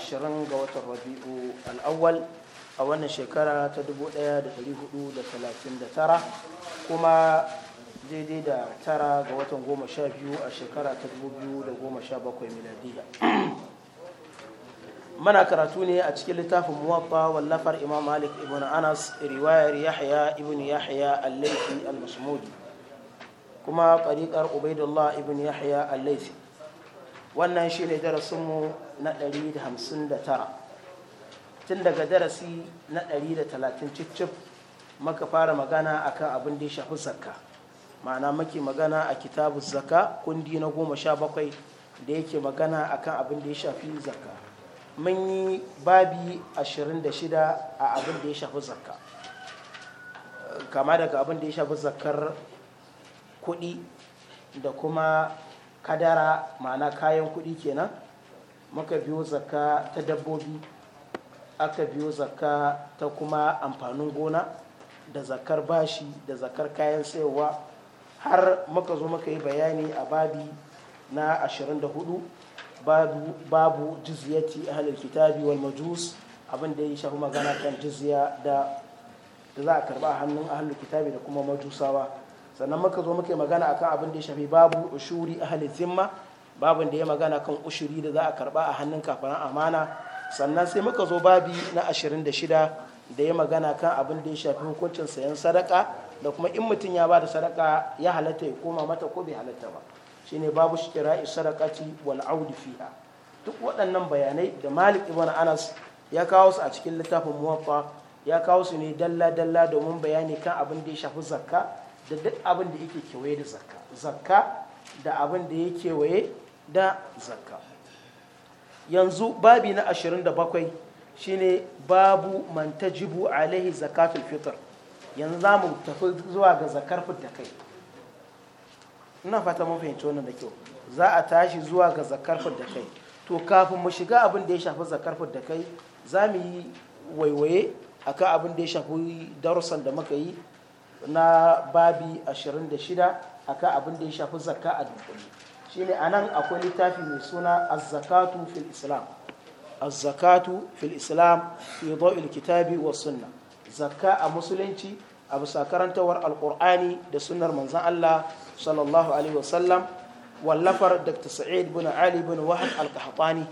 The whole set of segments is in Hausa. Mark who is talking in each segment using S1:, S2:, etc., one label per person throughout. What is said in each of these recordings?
S1: ashirin ga watan rabi'u al'awwal a wannan shekara ta 1439 kuma daidai da tara ga watan goma sha biyu a shekara ta 2017 miladiya mana karatu ne a cikin littafin muwaffa wallafar imam malik ibn anas riwayar yahya ibn yahya al-laifi al-masmudi kuma ƙariƙar ubaidullah ibn yahya al-laifi wannan shi ne darasinmu na 159 tun daga darasi na 130 cicif maka fara magana a kan abin da ya shafi zakka ma'ana maki magana a kitabu zakka kundi na goma sha bakwai da yake magana a kan abin da ya shafi zakka mun yi babi 26 a abin da ya shafi zakka kama daga abin da ya shafi zakkar kuɗi da kuma kadara ma'ana kayan kuɗi kenan muka biyo zakka ta dabbobi aka biyo zakka ta kuma amfanin gona da zakar bashi da zakar kayan sayarwa har muka zo muka yi bayani a babi na 24 babu, babu jizyati ahlul kitabi wal majus abin da ya shafi magana kan jizya da za a karba a hannun ahlul kitabi da kuma majusawa sannan muka zo muka yi magana akan abin da ya shafi babu ushuri ahli zimma babin da ya magana kan ushuri da za a karba a hannun kafaran amana sannan sai muka zo babi na 26 da ya magana kan abin da ya shafi hukuncin sayan sadaka da kuma in mutum ya bada sadaka ya halatta ya koma mata ko bai halatta ba shine babu shira'i sadaqati wal audi fiha duk waɗannan bayanai da Malik ibn Anas ya kawo su a cikin littafin Muwaffa ya kawo su ne dalla dalla domin bayani kan abin da ya shafi zakka da duk abin da yake kewaye da zakka zakka da abin da yake kewaye da zakka yanzu babi na 27 shine babu mantajibu alaihi zakatul fitr yanzu za mu tafi zuwa ga zakar fitta kai ina fata mun fahimci wannan da kyau za a tashi zuwa ga zakar fitta kai to kafin mu shiga abin da ya shafi zakar da kai za mu yi waiwaye akan abin da ya shafi darussan da muka yi na babi 26 akan abin da ya shafi zakka a dunkule shine anan akwai littafi mai suna az-zakatu fil islam az-zakatu fil islam fi kitabi wa sunna zakka a musulunci a bisa karantawar alqur'ani da sunnar manzon Allah sallallahu alaihi wallafar dr sa'id bin ali bin wahab al-qahtani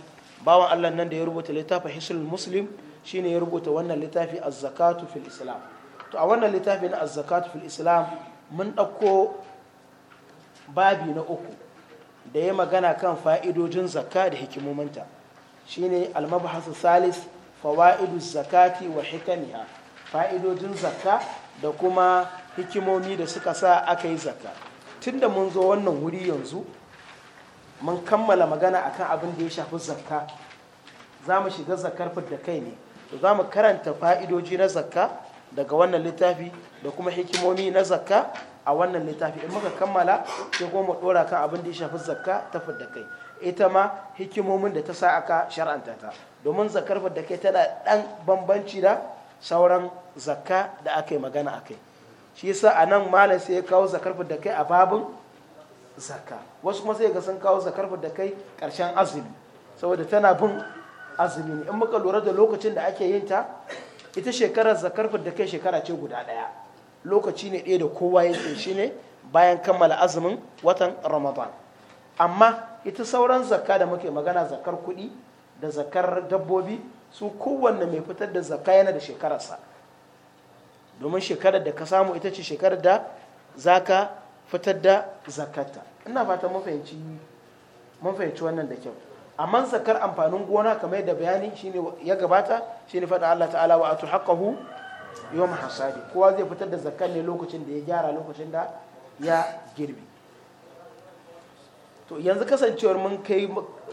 S1: bawan Allah nan da ya rubuta littafin hisnul muslim shine ya rubuta wannan littafi az-zakatu fil islam to a wannan littafi na azzakatu fil islam mun ɗauko babi na uku da ya magana kan fa'idojin zakka da hikimominta shine ne almabahasa salis fawaidu zakati wa hikamiya fa'idojin zakka da kuma hikimomi da suka sa aka yi zakka tunda mun zo wannan wuri yanzu mun kammala magana akan abin da ya shafi zakka za mu shiga zakkar fidda kai ne za mu karanta fa'idoji na zakka daga wannan littafi da kuma hikimomi na zakka a wannan littafi in muka kammala sai kuma mu dora kan abin da ya shafi zakka ta fadda kai ita ma hikimomin da ta sa aka shar'anta ta domin zakkar fadda kai tana dan bambanci da sauran zakka da aka yi magana a kai shi yasa a nan malam sai ya kawo zakkar fadda kai a babin zakka wasu kuma sai ga sun kawo zakkar fadda kai karshen azumi saboda tana bin azumi ne in muka lura da lokacin da ake yin ta ita shekarar zakar da kai shekara ce guda ɗaya lokaci ne ɗaya da kowa ya shi ne bayan kammala azumin watan ramadan amma ita sauran zakka da muke magana zakar kuɗi da zakar dabbobi su kowanne mai fitar da zakka yana da shekararsa domin shekarar da ka samu ita ce shekarar da za ka fitar da zakarta ina fatan mun fahimci wannan da kyau amma zakar amfanin gona kamar da bayani shine ya gabata shine faɗa Allah ta'ala wa atu haqqahu yawm hasadi kowa zai fitar da zakar ne lokacin da ya gyara lokacin da ya girbi to yanzu kasancewar mun kai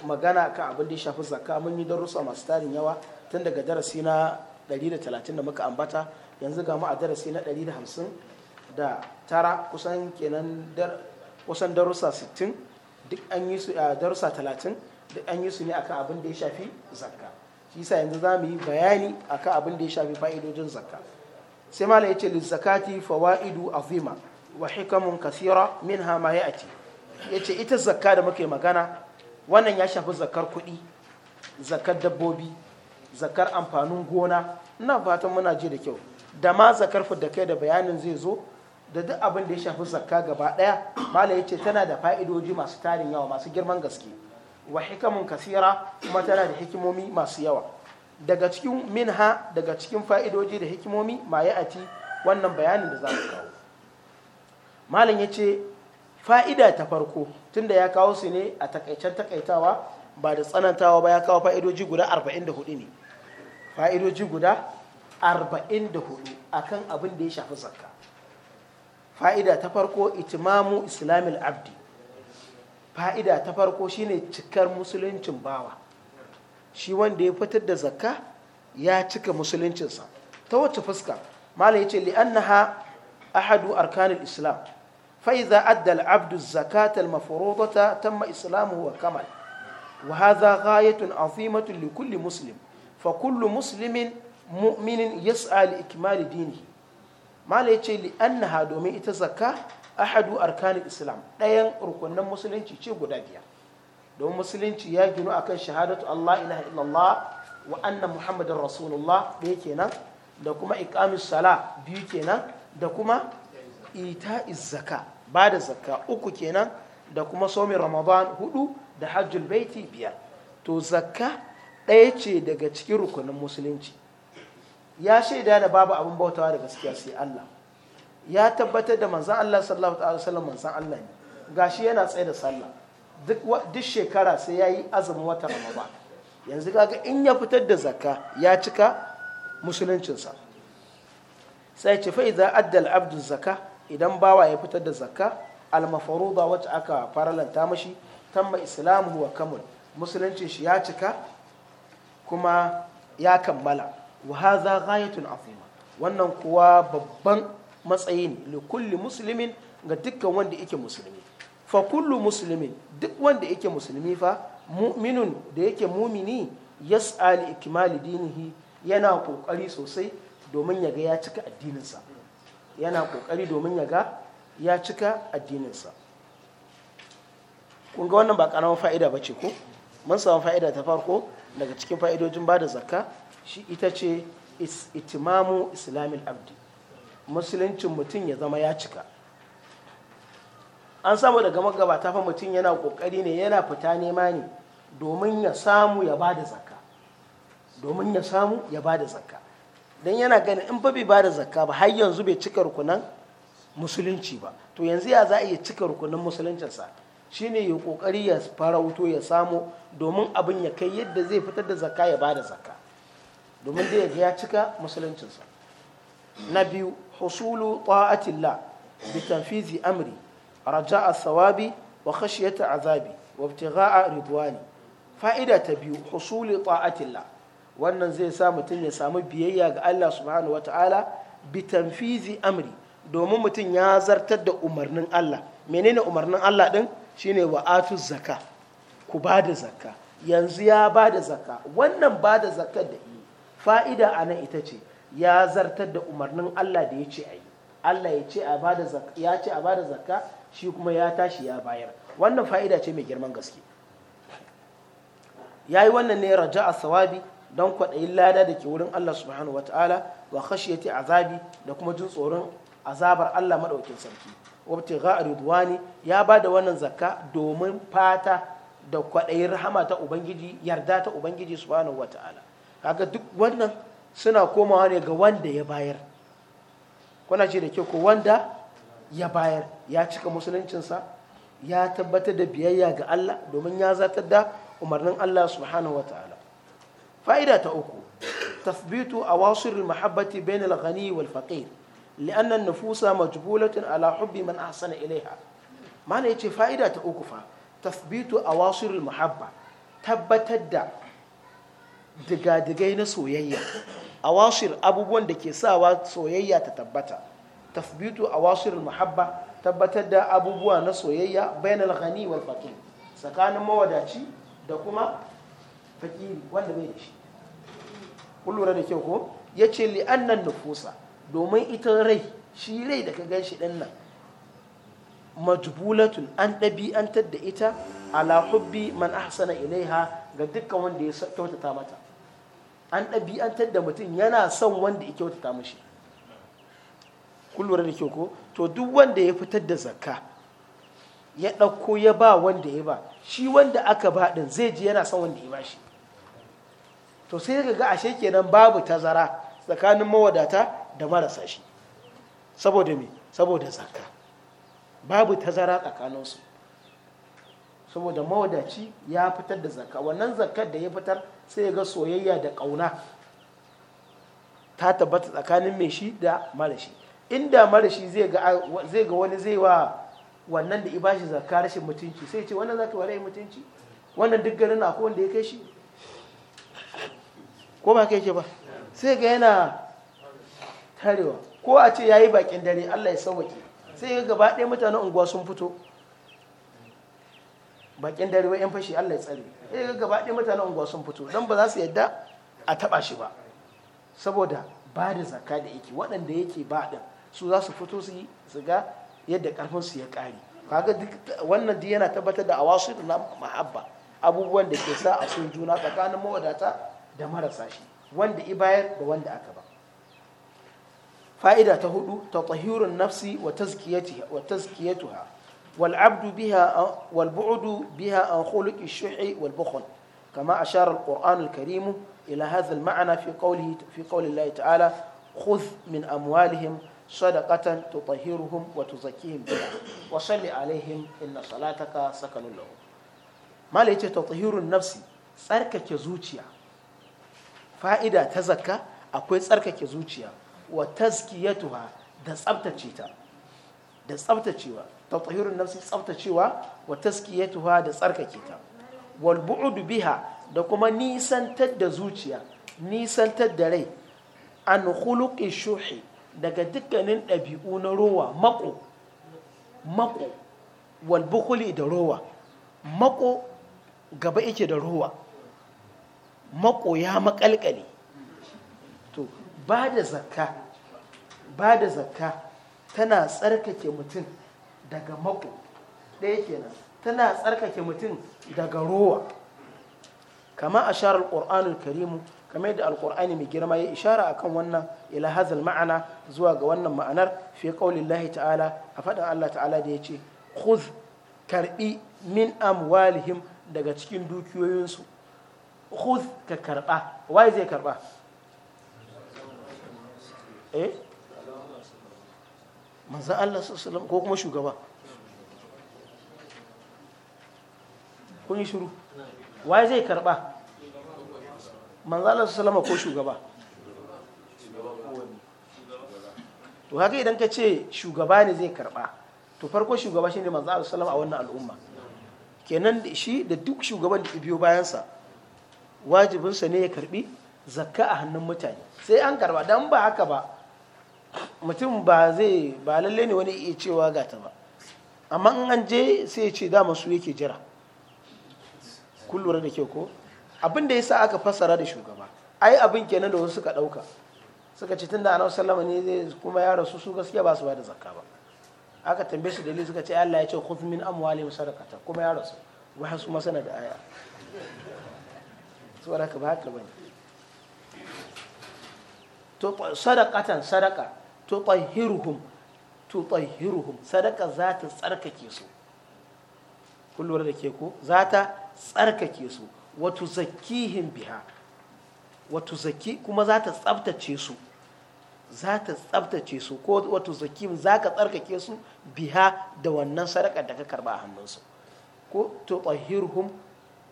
S1: magana ka abin da ya shafi zakka mun yi darussa masu tarin yawa tun daga darasi na 130 da muka ambata yanzu ga mu a darasi na 150 da tara kusan kenan kusan darussa 60 duk an yi su a eh, darussa 30 da an yi su ne akan abin da ya shafi zakka shi yasa yanzu za mu yi bayani akan abin da ya shafi fa'idojin zakka sai mala ya ce lizzakati fawaidu azima wa hikamun kasira ha ma ya yace ita zakka da muke magana wannan ya shafi zakar kuɗi zakar dabbobi zakar amfanin gona ina fatan muna ji da kyau da ma zakkar da kai da bayanin zai zo da duk abin da ya shafi zakka gaba ɗaya mala ya ce tana da fa'idoji masu tarin yawa masu girman gaske wa hikamun kasira kuma tana da hikimomi masu yawa daga cikin minha daga cikin fa'idoji da hikimomi ma ya ati wannan bayanin da za mu kawo malam ya ce fa'ida ta farko tunda ya kawo su ne a takaicen takaitawa ba da tsanantawa ba ya kawo fa'idoji guda 44 ne fa'idoji guda 44 akan abin da ya shafi zakka fa'ida ta farko itimamu islamil abdi fa’ida ta farko shine cikar musuluncin bawa shi wanda ya fitar da zakka ya cika musuluncinsa ta wacce fuska mala ya ce li'anna ha a hadu arkanin islam fa’iza addal abdu zakatal mafarotota ta ma wa kamal wa haza ghayatun azimatun li kulli muslim fa kullu muslimin mu'minin yas'al ikmal dini mala ya ce li'anna ha domin ita zakka ahadu arkanin islam ɗayan rukunan musulunci ce guda biyar don musulunci ya ginu akan shahadatu allah ilaha illallah wa anna muhammadin rasulullah ɗaya kenan da kuma iqamis sala biyu kenan da kuma ita zaka ba da zakka uku kenan da kuma somin ramadan hudu da hajjul baiti biyar to zakka ɗaya ce daga cikin rukunan musulunci ya shaida da babu abin bautawa da gaskiya sai allah ya tabbatar da manzan Allah sallallahu alaihi wasallam manzan Allah ne gashi yana tsaye da sallah duk shekara sai yayi yi azumin wata ramadan yanzu kaga in ya fitar da zakka ya cika musuluncinsa sai ce idza adda al abdu zakka idan bawa ya fitar da zakka mafruda wacce aka faralanta mashi tamma islamu wa kamul musuluncin shi ya cika kuma ya kammala wa hadha ghayatun azima wannan kuwa babban matsayin da kulli musulmin ga dukkan wanda yake musulmi fa kullu musulmin duk wanda yake musulmi fa mu'minun da yake mumini yas'a li ikmali dinihi yana kokari sosai domin ya ga ya cika addininsa yana kokari domin ya ga ya cika addininsa kun ga wannan ba karamar fa'ida ba ko mun samu fa'ida ta farko daga cikin fa'idojin bada zakka shi ita ce itimamu islamil abdi musuluncin mutum ya zama ya cika an samu daga magabata fa mutum yana kokari ne yana fita nema ne domin ya samu ya ba da zakka domin ya samu ya ba da zakka don yana ganin in fa bai ba da zakka ba har yanzu bai cika rukunan musulunci ba to yanzu ya za a iya cika rukunan musuluncinsa shine ya kokari ya farauto ya samu domin abin ya kai yadda zai fitar da zakka ya ba da zakka domin da ya cika musuluncinsa na biyu حصول طاعة الله بتنفيذ أمري رجاء الثواب وخشية عذابي وابتغاء رضواني فائدة تبيو حصول طاعة الله wannan zai sa mutum ya samu biyayya ga Allah subhanahu ta'ala bi amri domin mutum ya zartar da umarnin Allah menene umarnin Allah din shine wa atu zakka ku ba da zakka yanzu ya ba da zakka wannan ba da zakkar da yi fa'ida a nan ita ce ya zartar da umarnin Allah da ya ce a yi Allah ya ce a bada zakka shi kuma ya tashi ya bayar wannan fa'ida ce mai girman gaske ya yi wannan ne a sawabi don kwaɗayin lada da ke wurin Allah subhanahu wa ta'ala wa khashiyati azabi da kuma jin tsoron azabar Allah maɗaukin sarki wabta ga ridwani ya ba da wannan zakka domin fata da kwaɗayin rahama ta ubangiji yarda ta ubangiji subhanahu wa ta'ala kaga duk wannan suna komawa ne ga wanda ya bayar kuna ce da ke ko wanda ya bayar ya cika musuluncinsa ya tabbatar da biyayya ga Allah domin ya zatar da umarnin Allah subhanahu ta'ala fa'ida ta uku a wasuri mahabbati bainal ghani wal faqir لأن النفوس مجبولة ilaiha. حب yace faida ta uku fa, tafbitu a wasuri mahabba tabbatar da. digadigai na soyayya a washir abubuwan da ke sawa soyayya ta tabbata tafbitu a washirin muhabba tabbatar da abubuwa na soyayya bainal ghani wal fakir tsakanin mawadaci da kuma fakiri wanda bai da shi kullura da kyau ko ya yace li annan nufusa domin ita rai shi rai da ka gan shi din nan majbulatun an ɗabi'antar da ita ala hubbi man ahsana ilaiha ga dukkan wanda ya kyautata mata an ɗabi'antar da mutum yana son wanda ya kyautata mashi kullum da kyau ko to duk wanda ya fitar da zakka ya ɗauko ya ba wanda ya ba shi wanda aka ba ɗin zai ji yana son wanda ya ba shi to sai ka ga ashe kenan babu tazara tsakanin mawadata da marasa shi saboda me saboda zakka babu tazara tsakaninsu saboda mawadaci ya fitar da zakka wannan zakkar da ya fitar sai ya ga soyayya da ƙauna ta tabbata tsakanin mai shi da marashi inda marashi zai ga wani zai wa wannan da ibashi zakka rashin mutunci sai ce wannan zaka ware mutunci wannan duk garin akwai wanda ya kai shi ko ba kai ke ba sai ga yana tarewa ko a ce yayi bakin dare Allah ya sauke sai ga gaba ɗaya mutanen unguwa sun fito bakin dare wa 'yan fashi Allah ya tsare ya ga gaba ɗaya mutanen unguwa sun fito don ba za su yadda a taɓa shi ba saboda ba da zaka da yake waɗanda yake ba ɗin su za su fito su su ga yadda ƙarfin su ya ƙare kaga duk wannan duk yana tabbatar da awasu na mahabba abubuwan da ke sa a sun juna tsakanin mawadata da marasa shi wanda i bayar da wanda aka ba fa'ida ta hudu ta tahirun nafsi wa tazkiyatuha والعبد بها والبعد بها عن خلق الشح والبخل كما أشار القرآن الكريم إلى هذا المعنى في قوله في قول الله تعالى خذ من أموالهم صدقة تطهرهم وتزكيهم بها وصل عليهم إن صلاتك سكن لهم ما ليت تطهير النفس tsarkake zuciya fa'ida ta zakka akwai tsarkake zuciya wa tazkiyatuha da tsabtace ta da tsabtacewa tatahirun nafsi tsaftacewa wa taskiyatuha da tsarkake ta wal bu'd biha da kuma nisantar da zuciya nisantar da rai an khuluqi shuhi daga dukkanin ɗabi'u na rowa mako mako wal da rowa mako gaba da rowa mako ya makalkale to ba da zakka ba da zakka tana tsarkake mutum daga mako ɗaya kenan tana tsarkake mutum daga rowa kama a shara alƙur'anul karimu kamar yadda alƙur'ani mai girma ya ishara akan wannan ila hazal ma'ana zuwa ga wannan ma'anar fi qaulillahi ta'ala a faɗin Allah ta'ala da ya ce khudh karɓi min amwalihim daga cikin dukiyoyinsu khudh ka karɓa wai zai karɓa. eh manzan Allah sallam ko kuma shugaba kun yi shuru waye zai karba manzan Allah sallama ko shugaba to haka idan ka ce shugaba ne zai karba to farko shugaba shine manzan Allah sallama a wannan al'umma kenan shi da duk shugaban da biyo bayansa wajibinsa ne ya karbi zakka a hannun mutane sai an karba dan ba haka ba mutum ba zai ba lalle ne wani iya cewa ga ta ba amma in an je sai ya ce dama su yake jira kun lura da kyau ko abin da sa aka fassara da shugaba ai abin kenan da wasu suka dauka suka ce tunda annabi sallama ne zai kuma ya rasu su gaskiya ba su ba da zakka ba aka tambaye su dalili suka ce Allah ya ce khudh min amwali sadaqatan kuma ya rasu wa hasu masana da aya ba haka to sadaqatan sadaqa tutahhiruhum tutahhiruhum sadaka za ta tsarkake su kullum da ke ko za ta tsarkake su wa tuzakkihim biha wa tuzakki kuma za ta tsabtace su za ta tsabtace su ko wa tuzakkihim za ka tsarkake su biha da wannan sadaka da ka karba a su ko tutahhiruhum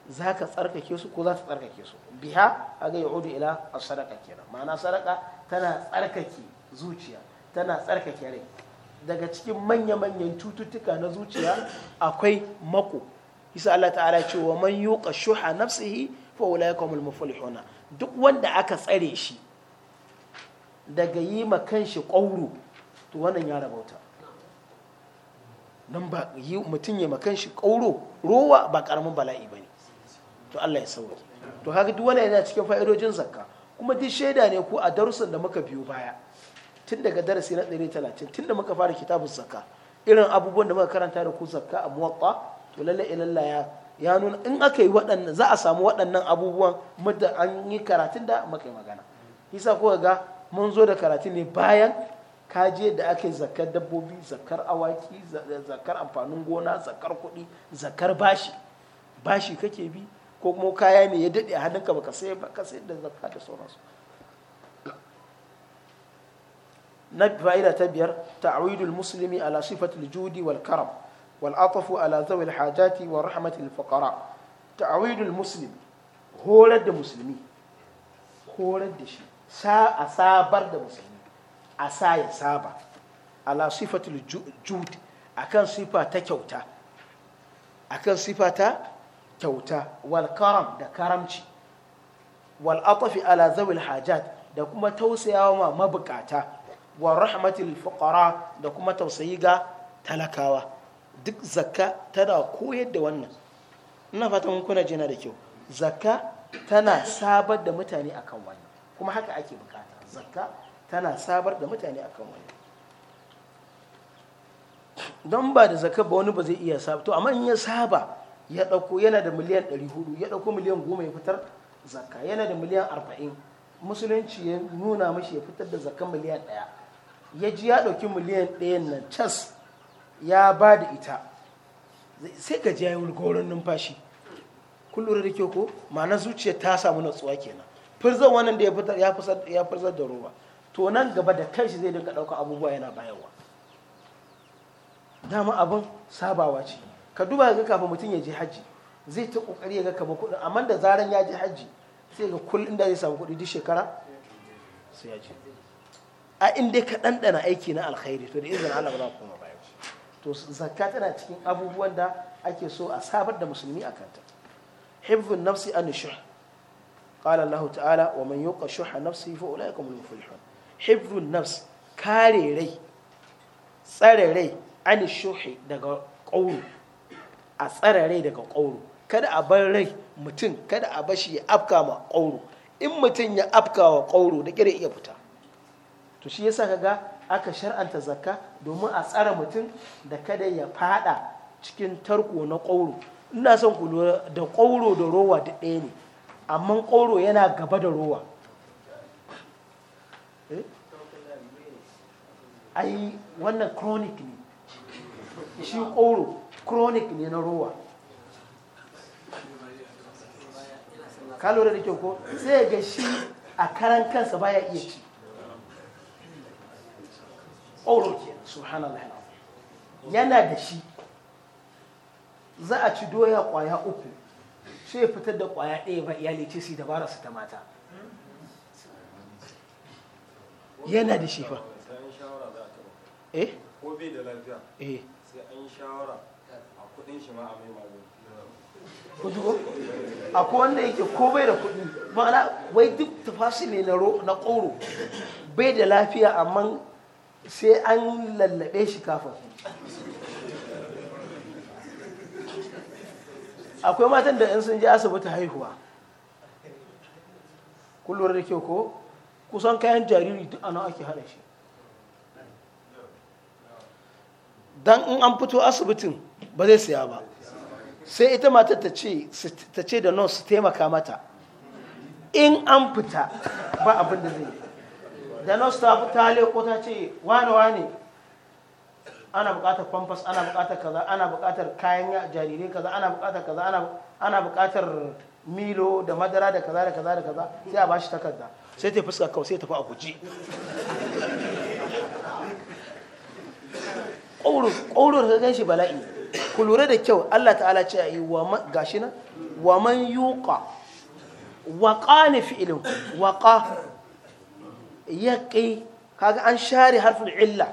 S1: za ka tsarkake su ko za ta tsarkake su biha aga yaudu ila as-sadaqa kenan ma'ana sadaka tana tsarkake zuciya tana tsarkake rai daga cikin manya-manyan cututtuka na zuciya akwai mako isa Allah ta'ala ce wa man yuqa shuha nafsihi fa ulaika humul muflihuna duk wanda aka tsare shi daga yi ma kanshi ƙauro to wannan ya rabauta nan ba yi mutum ya makan shi ƙauro rowa ba karamin bala'i bane ne to Allah ya sauke to haka duk wani yana cikin fa'idojin zakka kuma duk shaida ne ko a darussan da muka biyo baya tun daga darasi na 130 tun da muka fara kitabun zakka irin abubuwan da muka karanta da ku zakka a muwatta to lalle ilalla ya ya nuna in aka yi waɗannan za a samu waɗannan abubuwan muddin an yi karatun da muka yi magana isa ko ga mun zo da karatu ne bayan kaje da aka yi dabbobi zakkar awaki zakkar amfanin gona zakkar kuɗi zakkar bashi bashi kake bi ko kuma kaya ne ya daɗe a hannunka ka sai baka sai da zakka da sauransu na fa'ida ta biyar ta'awidul muslimi ala sifatul judi wal karam wal atafu ala zawil hajati wa rahmatil fuqara ta'awidul muslimi horar da musulmi horar da shi sa a sabar da musulmi a sa ya saba ala sifatul jud akan sifa ta kyauta akan sifa ta kyauta wal karam da karamci wal atafi ala zawil hajat da kuma tausayawa ma mabukata wa rahmatil fuqara da kuma tausayi ga talakawa duk zakka tana koyar da wannan ina fatan kuna jina da kyau zakka tana sabar da mutane akan wannan kuma haka ake bukata zakka tana sabar da mutane akan wannan don ba da zakka ba wani ba zai iya saba to amma in ya saba ya dauko yana da miliyan 400 ya dauko miliyan 10 ya fitar zakka yana da miliyan 40 musulunci ya nuna mashi ya fitar da zakka miliyan 1 ya ji ya ɗauki miliyan ɗayan nan cas ya ba da ita sai ka ji ya yi wulgorin numfashi kullum da kyau ko ma'ana zuciya ta samu natsuwa kenan firzar wannan da ya firzar da ruwa to nan gaba da kanshi zai dinga ɗauka abubuwa yana bayarwa dama abin sabawa ce ka duba ga kafin mutum ya je hajji zai ta kokari ya ga kama kuɗin amma da zaran ya je hajji sai ga kullum da zai samu kuɗi duk shekara sai ya je a inda ka ɗanɗana aiki na alkhairi to da izin Allah ba za ku koma baya to zakka tana cikin abubuwan da ake so a sabar da musulmi a kanta hibzun nafsi an shuh qala Allah ta'ala wa man yuqa shuha nafsi fa ulaika hum muflihun hibzun nafs kare rai tsare rai an shuhi daga ƙauru a tsare rai daga ƙauru kada a bar rai mutum kada a bashi ya afka ma ƙauru in mutum ya afka wa ƙauru da kira iya fita to shi yasa ga aka shar'anta zakka domin a tsara mutum da kada ya fada cikin tarko na ƙauro ina son ku lura da ƙauro da rowa da ɗaya ne amma ƙauro yana gaba da rowa eh? ai wannan chronic ne shi ƙauro chronic ne na rowa ka lura da kyau ko sai ga shi a karan kansa baya iya ci ƙoro ke subhanallah yana da shi za a ci doya ƙwaya uku sai fitar da ƙwaya ɗaya ba iyali ce su dabara su ta mata yana da shi fa eh ko da eh. shi ma wanda yake ko bai da kudi ma'ana wai duk tafasi ne na ƙoro bai da lafiya amma sai an lallabe shi kafin akwai matan da in sun je asibiti haihuwa kullum da kyau ko kusan kayan jariri duk ana ake hana shi don in an fito asibitin ba zai siya ba sai ita matar ta ce da nan su taimaka mata in an fita ba abin zai yi da nurse ta fita ko ta ce wane wane ana bukatar pampers ana bukatar kaza ana bukatar kayan jarirai kaza ana bukatar kaza ana bukatar milo da madara da kaza da kaza da kaza sai a bashi takarda sai ta fuska kawai sai tafi a guji ƙaurar ka gan shi bala'i ku lura da kyau Allah ta'ala ce a yi gashi na wa man yuqa waqa ne fi'ilin waqa yaƙi kaga an share harfin illa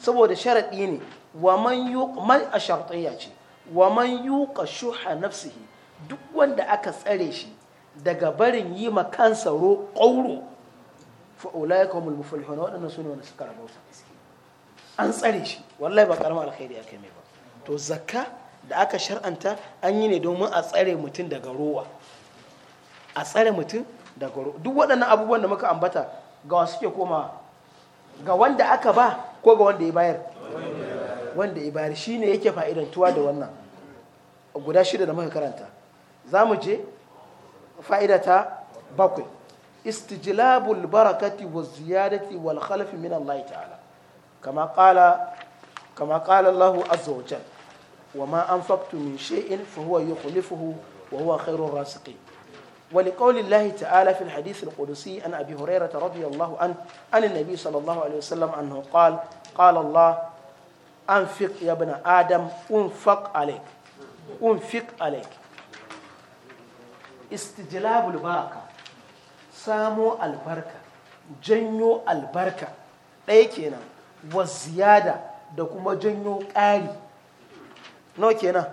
S1: saboda sharaɗi ne wa man yuq man ashartiyya ce wa man yuqa shuha nafsihi duk wanda aka tsare shi daga barin yi ma kansa ro qauro fa ulaika humul muflihun wadannan sune wanda suka rabauta an tsare shi wallahi ba karama alkhairi aka mai ba to zakka da aka shar'anta an yi ne domin a tsare mutum daga rowa a tsare mutum daga rowa duk waɗannan abubuwan da muka ambata ga wasu ke koma ga wanda aka ba ko ga wanda ya bayar wanda ya bayar shi ne yake fa'idantuwa da wannan guda shida da muka karanta za mu je fa'ida ta bakwai istijlabul barakati wa ziyadati wal khalfi min Allah ta'ala kama qala kama qala Allah azza wa jalla wa ma anfaqtu min shay'in fa huwa yukhlifuhu wa huwa khairur rasiqin ولقول الله تعالى في الحديث القدسي عن أبي هريرة رضي الله عنه عن النبي صلى الله عليه وسلم أنه قال قال الله أنفق يا ابن آدم أنفق عليك أنفق عليك استجلاب البركة سامو البركة جنو البركة ɗaya والزيادة da kuma janyo ƙari no kenan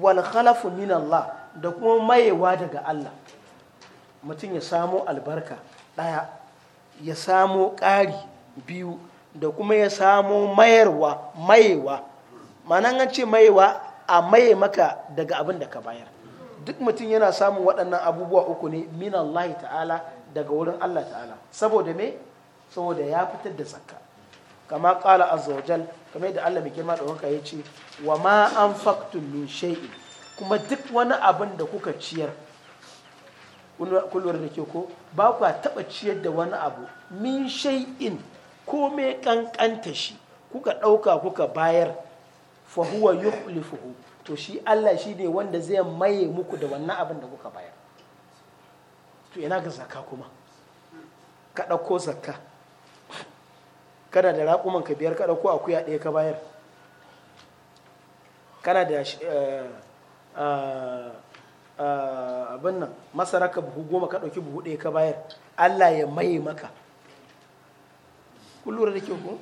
S1: wal khalafu min Allah da kuma mayewa daga Allah mutum ya samo albarka ɗaya ya samo ƙari biyu da kuma ya samo mayarwa mayewa ma'anan an ce mayewa a maye maka daga abin da ka bayar duk mutum yana samun waɗannan abubuwa uku ne min Allah ta'ala daga wurin Allah ta'ala saboda me saboda ya fitar da zakka kama ƙala azza kamar yadda Allah mai girma da wanka ya ce wa ma anfaqtum min shay'in kuma duk wani abin da kuka ciyar kullum da ke ko ba kwa taɓa ciyar da wani abu min shay'in ko mai ƙanƙanta shi kuka ɗauka kuka bayar fahuwa yukhlifuhu to shi Allah shi ne wanda zai maye muku da wannan abin da kuka bayar to ina ga zakka kuma ka ɗauko zakka kana da raƙuman ka biyar ka ɗauko akuya ɗaya ka bayar kana da eh, eh, Eh, abin nan masara ka buhu goma ka ɗauki buhu ɗaya ka bayar allah ya maye maka kun da ke wa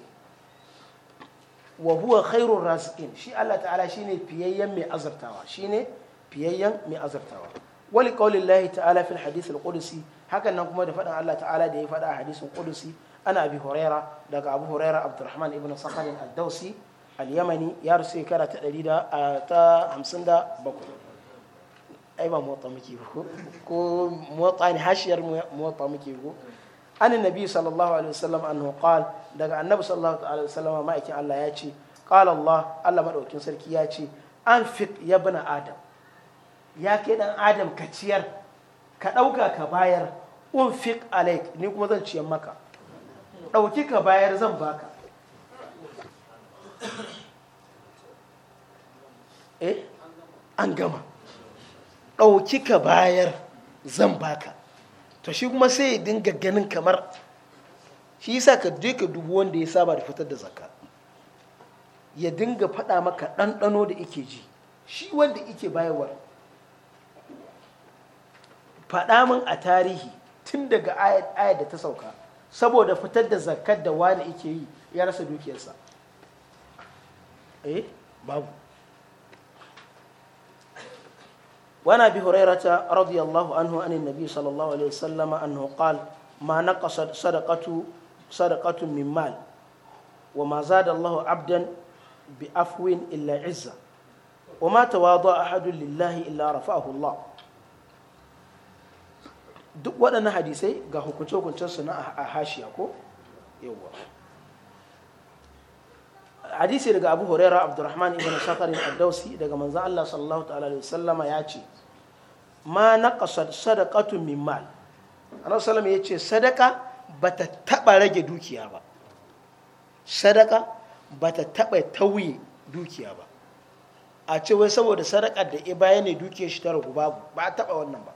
S1: huwa khairun rasikin shi allah ta'ala shine fiyayyen mai azartawa shine fiyayyen mai azartawa wali qaulin lahi ta'ala fil hadith al hakan nan kuma da faɗin allah ta'ala da ya faɗa a hadisin qudusi ana abi huraira daga abu huraira abdurrahman ibn sakhalin al-dawsi al-yamani ya rusu shekara ta eh, bakwai. ai ba motsa muke ko ko motsa ne hashiyar motsa muke ko an nabi sallallahu alaihi wasallam annahu qala daga annabi sallallahu alaihi wasallam ma'aikin Allah ya ce qala Allah Allah madaukin sarki ya ce an fit ya bana adam ya kai dan adam ka ciyar ka dauka ka bayar un unfiq alaik ni kuma zan ciyar maka dauki ka bayar zan baka eh an gama ɗauki ka bayar zan baka to shi kuma sai ya dinga ganin kamar shi yasa ka je ka dubu wanda ya saba da fitar da zakka ya dinga faɗa maka ɗanɗano da ike ji shi wanda ike bayarwa faɗa min a tarihi tun daga ayat da ta sauka saboda fitar da zakkar da wani ike yi ya rasa dukiyarsa eh babu وانا ابي هريره رضي الله عنه عن النبي صلى الله عليه وسلم انه قال ما نقصت صدقه صدقه من مال وما زاد الله عبدا بعفو الا عزه وما تواضع احد لله الا رفعه الله duk waɗannan hadisai ga hukunce-hukuncensu na a hashiya ko yawwa hadisi daga abu huraira abdurrahman ibn shakarin addausi daga manzo allah sallallahu ta'ala alaihi wasallama ya ce ma naqasat sadaqatu min mal annabi sallallahu ya ce sadaka bata taba rage dukiya ba sadaka ta taba tauye dukiya ba a ce wai saboda sadakar da ya baya ne dukiyar shi ta ragu babu ba a taba wannan ba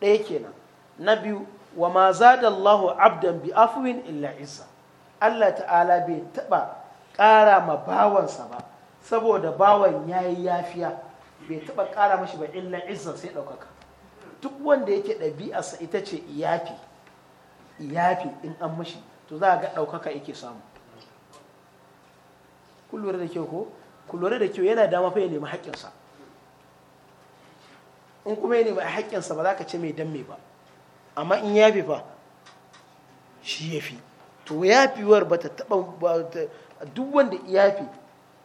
S1: ɗaya kenan na biyu wa ma zada Allahu abdan bi afwin illa isa Allah ta'ala bai taba ƙara ma bawansa ba saboda bawan ya yi yafiya bai taɓa ƙara mashi ba illa izza sai ɗaukaka duk wanda yake ɗabi'arsa ita ce iyafi iyafi in an mashi to za a ga ɗaukaka yake samu ku lura da kyau ko ku lura da kyau yana dama fa ya nemi haƙƙinsa in kuma ya nemi haƙƙinsa ba za ka ce mai dan mai ba amma in yafi fa shi ya fi to yafiwar ba ta taɓa duk wanda fi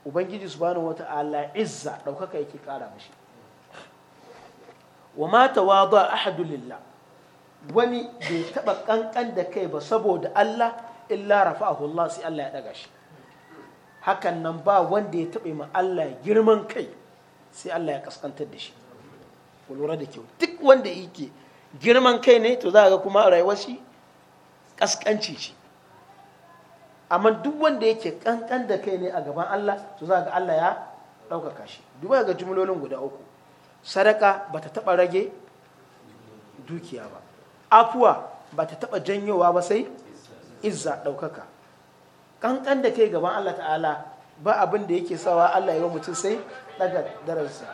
S1: ubangiji subhanahu wata'ala izza ɗaukaka yake kara mashi wa ma tawada ahadu lilla wani bai taɓa ƙanƙan da kai ba saboda Allah illa rafa'ahu Allah sai Allah ya ɗaga shi hakan nan ba wanda ya taɓa ma Allah girman kai sai Allah ya ƙasƙantar da shi ku lura da kyau duk wanda yake girman kai ne to za ga kuma rayuwar shi ƙasƙanci ce amma duk wanda yake kankan da kai ne a gaban Allah to za ga Allah ya ɗaukaka shi duba ga jumlolin guda uku sadaka ba ta taɓa rage dukiya ba afuwa ba ta taɓa janyowa ba sai izza ɗaukaka kankan da kai gaban Allah ta'ala ba abin da yake sawa Allah ya mutum sai daga dararsa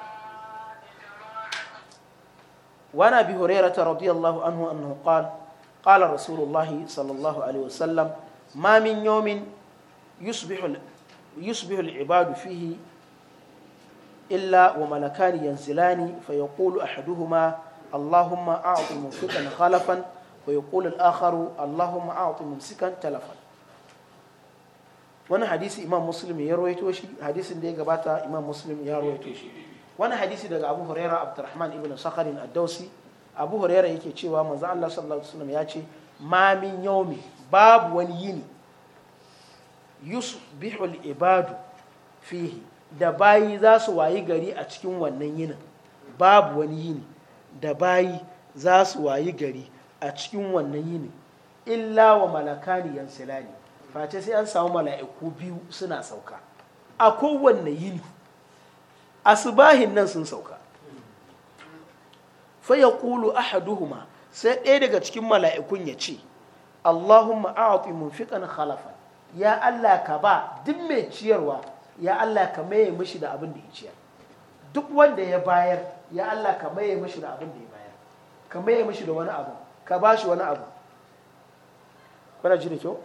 S1: Wana ابي هريره رضي الله عنه انه قال قال رسول الله صلى الله عليه ma min yawmin yusbihul fihi illa wa malakani yanzilani fa yaqulu ahaduhuma allahumma a'ti mumsikan khalafan wa yaqulu al-akharu allahumma a'ti mumsikan talafan wani hadisi imam muslim ya rawaito shi hadisin da ya gabata imam muslim ya rawaito shi wani hadisi daga abu huraira abdurrahman ibn sakharin ad abu huraira yake cewa manzo Allah alaihi ya ce ma min babu wani yini bihul ibadu fihi da bayi za su wayi gari a cikin wannan yinin babu wani yini da bayi za su wayi gari a cikin wannan yinin illa wa malakani yansilani face sai an samu mala'iku biyu suna sauka a kowanne yini asbahin nan sun sauka fa ya ahaduhuma sai ɗaya daga cikin mala'ikun ya ce Allahumma a'ti munfiqan khalafa ya Allah ka ba duk mai ciyarwa ya Allah ka maye mishi da abin da ya ciyar duk wanda ya bayar ya Allah ka maye mishi da abin da ya bayar ka maye mishi da wani abu ka ba shi wani abu kuna ji da kyau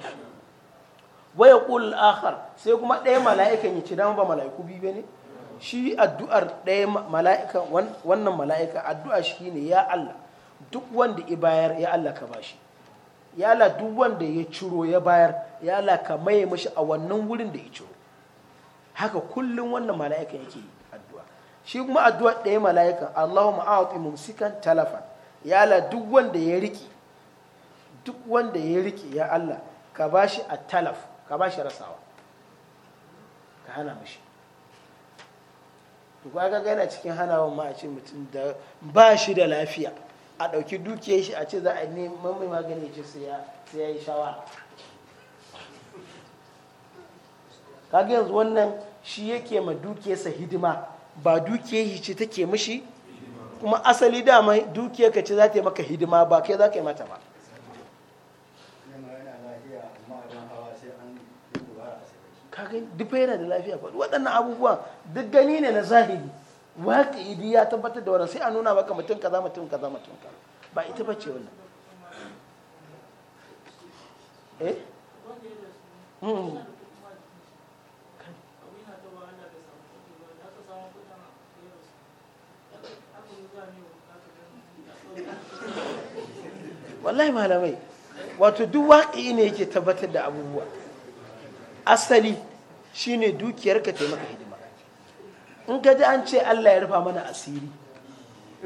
S1: wa yaqul akhar sai kuma ɗaya mala'ikan ya ce dan ba mala'iku bi ne shi addu'ar ɗaya mala'ika wannan mala'ika addu'a shi ne ya Allah duk wanda i bayar ya Allah ka bashi Yala duk wanda ya ciro ya bayar yala ka maye mashi a wannan wurin da ya ciro haka kullum wannan malaikan yake yi addu'a shi kuma addu'a ɗaya mala'ikan Allahumma a'ti mumsikan talafa ya Allah duk wanda ya riki duk wanda ya riki ya Allah ka bashi a talaf ka bashi rasawa ka hana mashi to ga yana cikin hanawa ma a ce mutum da ba shi da lafiya a ɗauki dukiyar shi a ce za a neman mai magani ce su ya yi shawa kaga yanzu wannan shi yake ma dukiyarsa hidima ba dukiyar shi ce take mishi kuma asali dama dukiyar ka ce za ta yi maka hidima ba kai za ka yi mata ba kaga dufa da lafiya waɗannan abubuwan duk gani ne na zahiri waƙi ya tabbatar da wannan sai a nuna maka mutum kaza mutum kaza mutum kaza ba ita bace wannan eh hmm. wallahi malamai wato duk waƙi ne yake tabbatar da abubuwa asali shine dukiyarka taimaka hidima in ka ji an ce Allah ya rufa mana asiri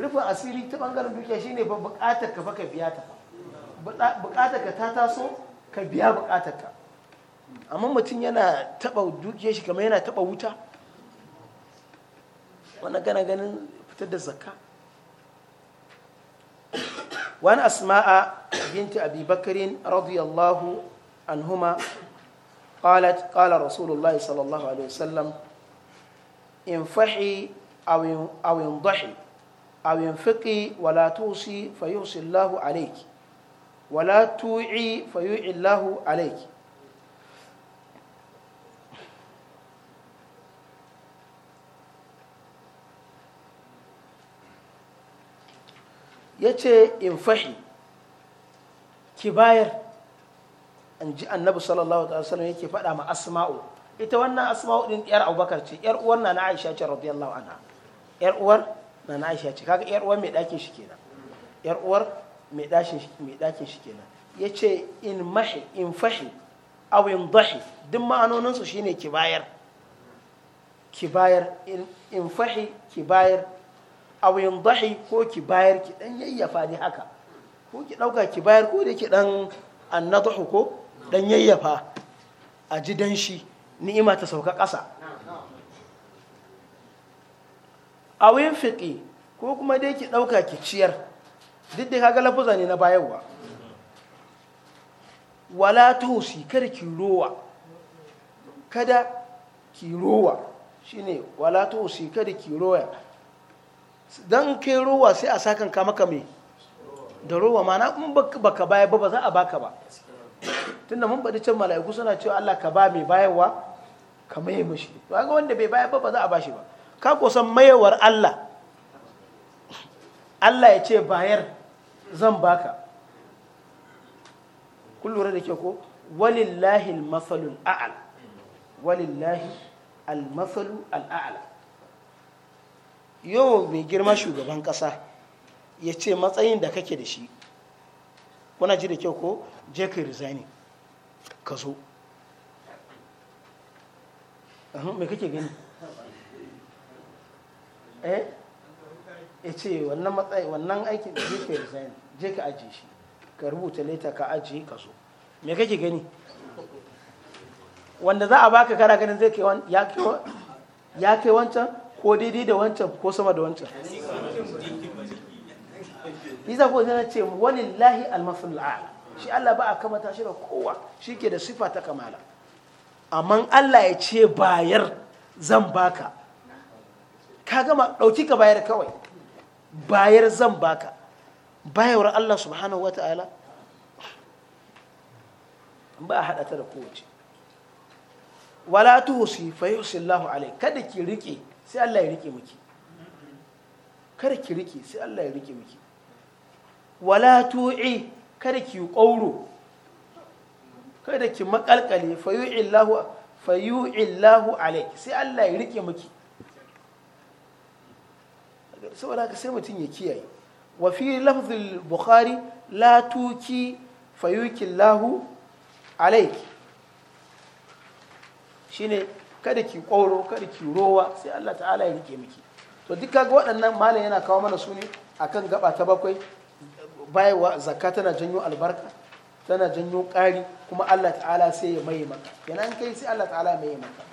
S1: rufin asiri ta bangaren dukiya shine ba bukatar ka fa ka biya ta bukatar ka ta taso ka biya bukatar ka amma mutum yana taba dukiyar shi kamar yana taba wuta wannan gana ganin fitar da zakka wani asma'a binti abi bakarin radiyallahu anhuma قالت قال رسول الله صلى الله عليه وسلم infahi aw indahi aw infiqi wala tusi fayusi llahu alayki wala tuci fayuci llahu alayki ya ce in fahi ki bayar an ji annabi sallallahu ta'asalin yake faɗa ma asma'u ita wannan asma'u din yar abubakar ce yar uwar na aisha ce radiyallahu anha yar uwar na aisha ce kaga yar uwar mai dakin shi kenan yar uwar mai dakin shi mai dakin shi kenan yace in mahi in fahi aw in dahi duk ma'anonin su shine ki bayar ki bayar in fahi ki bayar aw in dahi ko ki bayar ki dan yayyafa ne haka ko ki dauka ki bayar ko da ki dan annadhu ko dan yayyafa a ji dan shi ni'ima ta sauka ƙasa a wuyin fiƙi ko kuma dai ki ɗauka ki ciyar duk da kaga lafuza ne na bayarwa wala tusi kada ki rowa kada ki rowa shine wala tusi kada ki rowa dan kai rowa sai a sakan ka maka me da rowa mana in baka baya ba ba za a baka ba tunda mun faɗi can mala'iku suna cewa Allah ka ba mai bayarwa ka maye mashi ba ga wanda bai bayar ba ba za a bashi ba ka ko san mayewar Allah Allah ya ce bayar zan baka kun lura da ke ko walillahi al-masalul a'al walillahi al-masalu al-a'la yau mai girma shugaban kasa ya ce matsayin da kake da shi kuna ji da kyau ko je resigning ka so mai kake gani eh ya ce wannan matsayi wannan aikin da je ka resign je ka ajiye shi ka rubuta leta ka ajiye ka so mai kake gani wanda za a baka kara ganin zai kai ya kai wancan ko daidai da wancan ko sama da wancan isa ko zai ce wani lahi masallu ala shi Allah ba a kamata shi da kowa shi ke da sifa ta kamala amma Allah ya ce bayar zan baka ka gama ɗauki ka bayar kawai bayar zan baka bayar Allah subhanahu wa ta'ala ba a haɗa ta da kowace wala tuhusi fa yuhsi Allah alai kada ki rike sai Allah ya rike miki kada ki rike sai Allah ya rike miki wala tu'i kada ki ƙauro kada ki makalkale fayu illahu alaik sai Allah ya rike miki saboda haka sai mutum ya kiyaye wa fi lafzul bukhari la tuki fayukillahu alaik shine kada ki ƙoro kada ki rowa sai Allah ta'ala ya rike miki to duk kaga waɗannan malam yana kawo mana su ne akan gaba ta bakwai baiwa zakka tana janyo albarka tana janyo ƙari kuma Allah ta'ala sai ya maye maka yana kai sai Allah ta'ala ya maka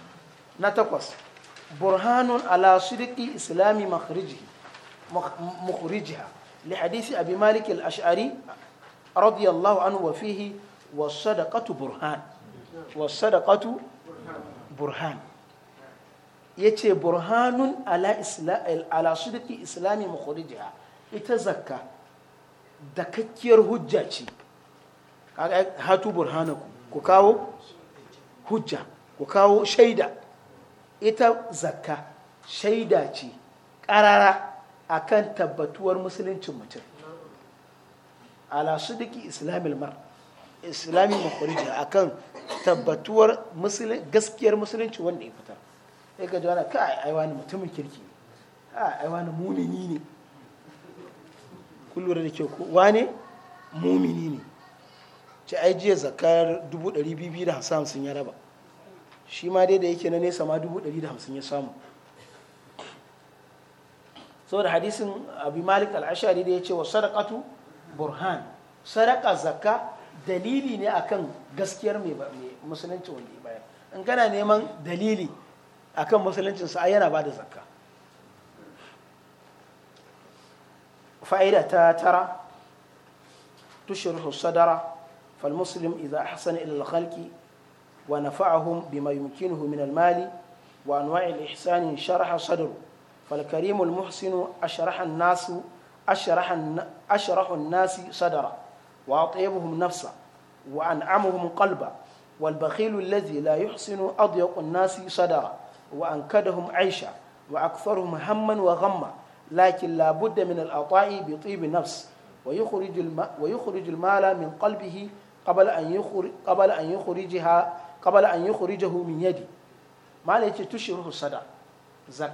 S1: na takwas burhanun ala sidiki islami makhrijiha li hadisi abi malik al-ash'ari radiyallahu anhu wa fihi burhan was sadaqatu burhan yace burhanun ala islami islami makhrijiha ita zakka da kakkiyar hujja ce hatu burhanaku ku kawo hujja ku kawo shaida ita zakka shaida ce ƙarara akan tabbatuwar musuluncin mutum ala duki islamil mar islami a akan tabbatuwar gaskiyar musulunci wanda ya fitar ya ga jana kai ai mutumin kirki ai wani munini ne kullum da ke wane mumini ne ce ai jiya zakar 250 ya raba shi ma dai da yake na nesa ma 150 ya samu saboda hadisin abu malik al'ashari da ya ce wa sadakatu burhan sadaka zakka dalili ne akan gaskiyar mai musulunci wanda ya bayar in gana neman dalili akan musuluncinsa ai yana ba da zakka فائده تاتره تشرح الصدر فالمسلم اذا احسن الى الخلق ونفعهم بما يمكنه من المال وانواع الاحسان شرح صدره فالكريم المحسن اشرح الناس اشرح اشرح الناس صدرا واطيبهم نفسا وانعمهم قلبا والبخيل الذي لا يحسن اضيق الناس صدرا وانكدهم عيشا واكثرهم هما وغمّا lakin labudda min al'ata'i bi tibi nafs wa yukhrij al-mala min qalbihi qabla an yukhrij qabla an yadi mala yace tushruhu sada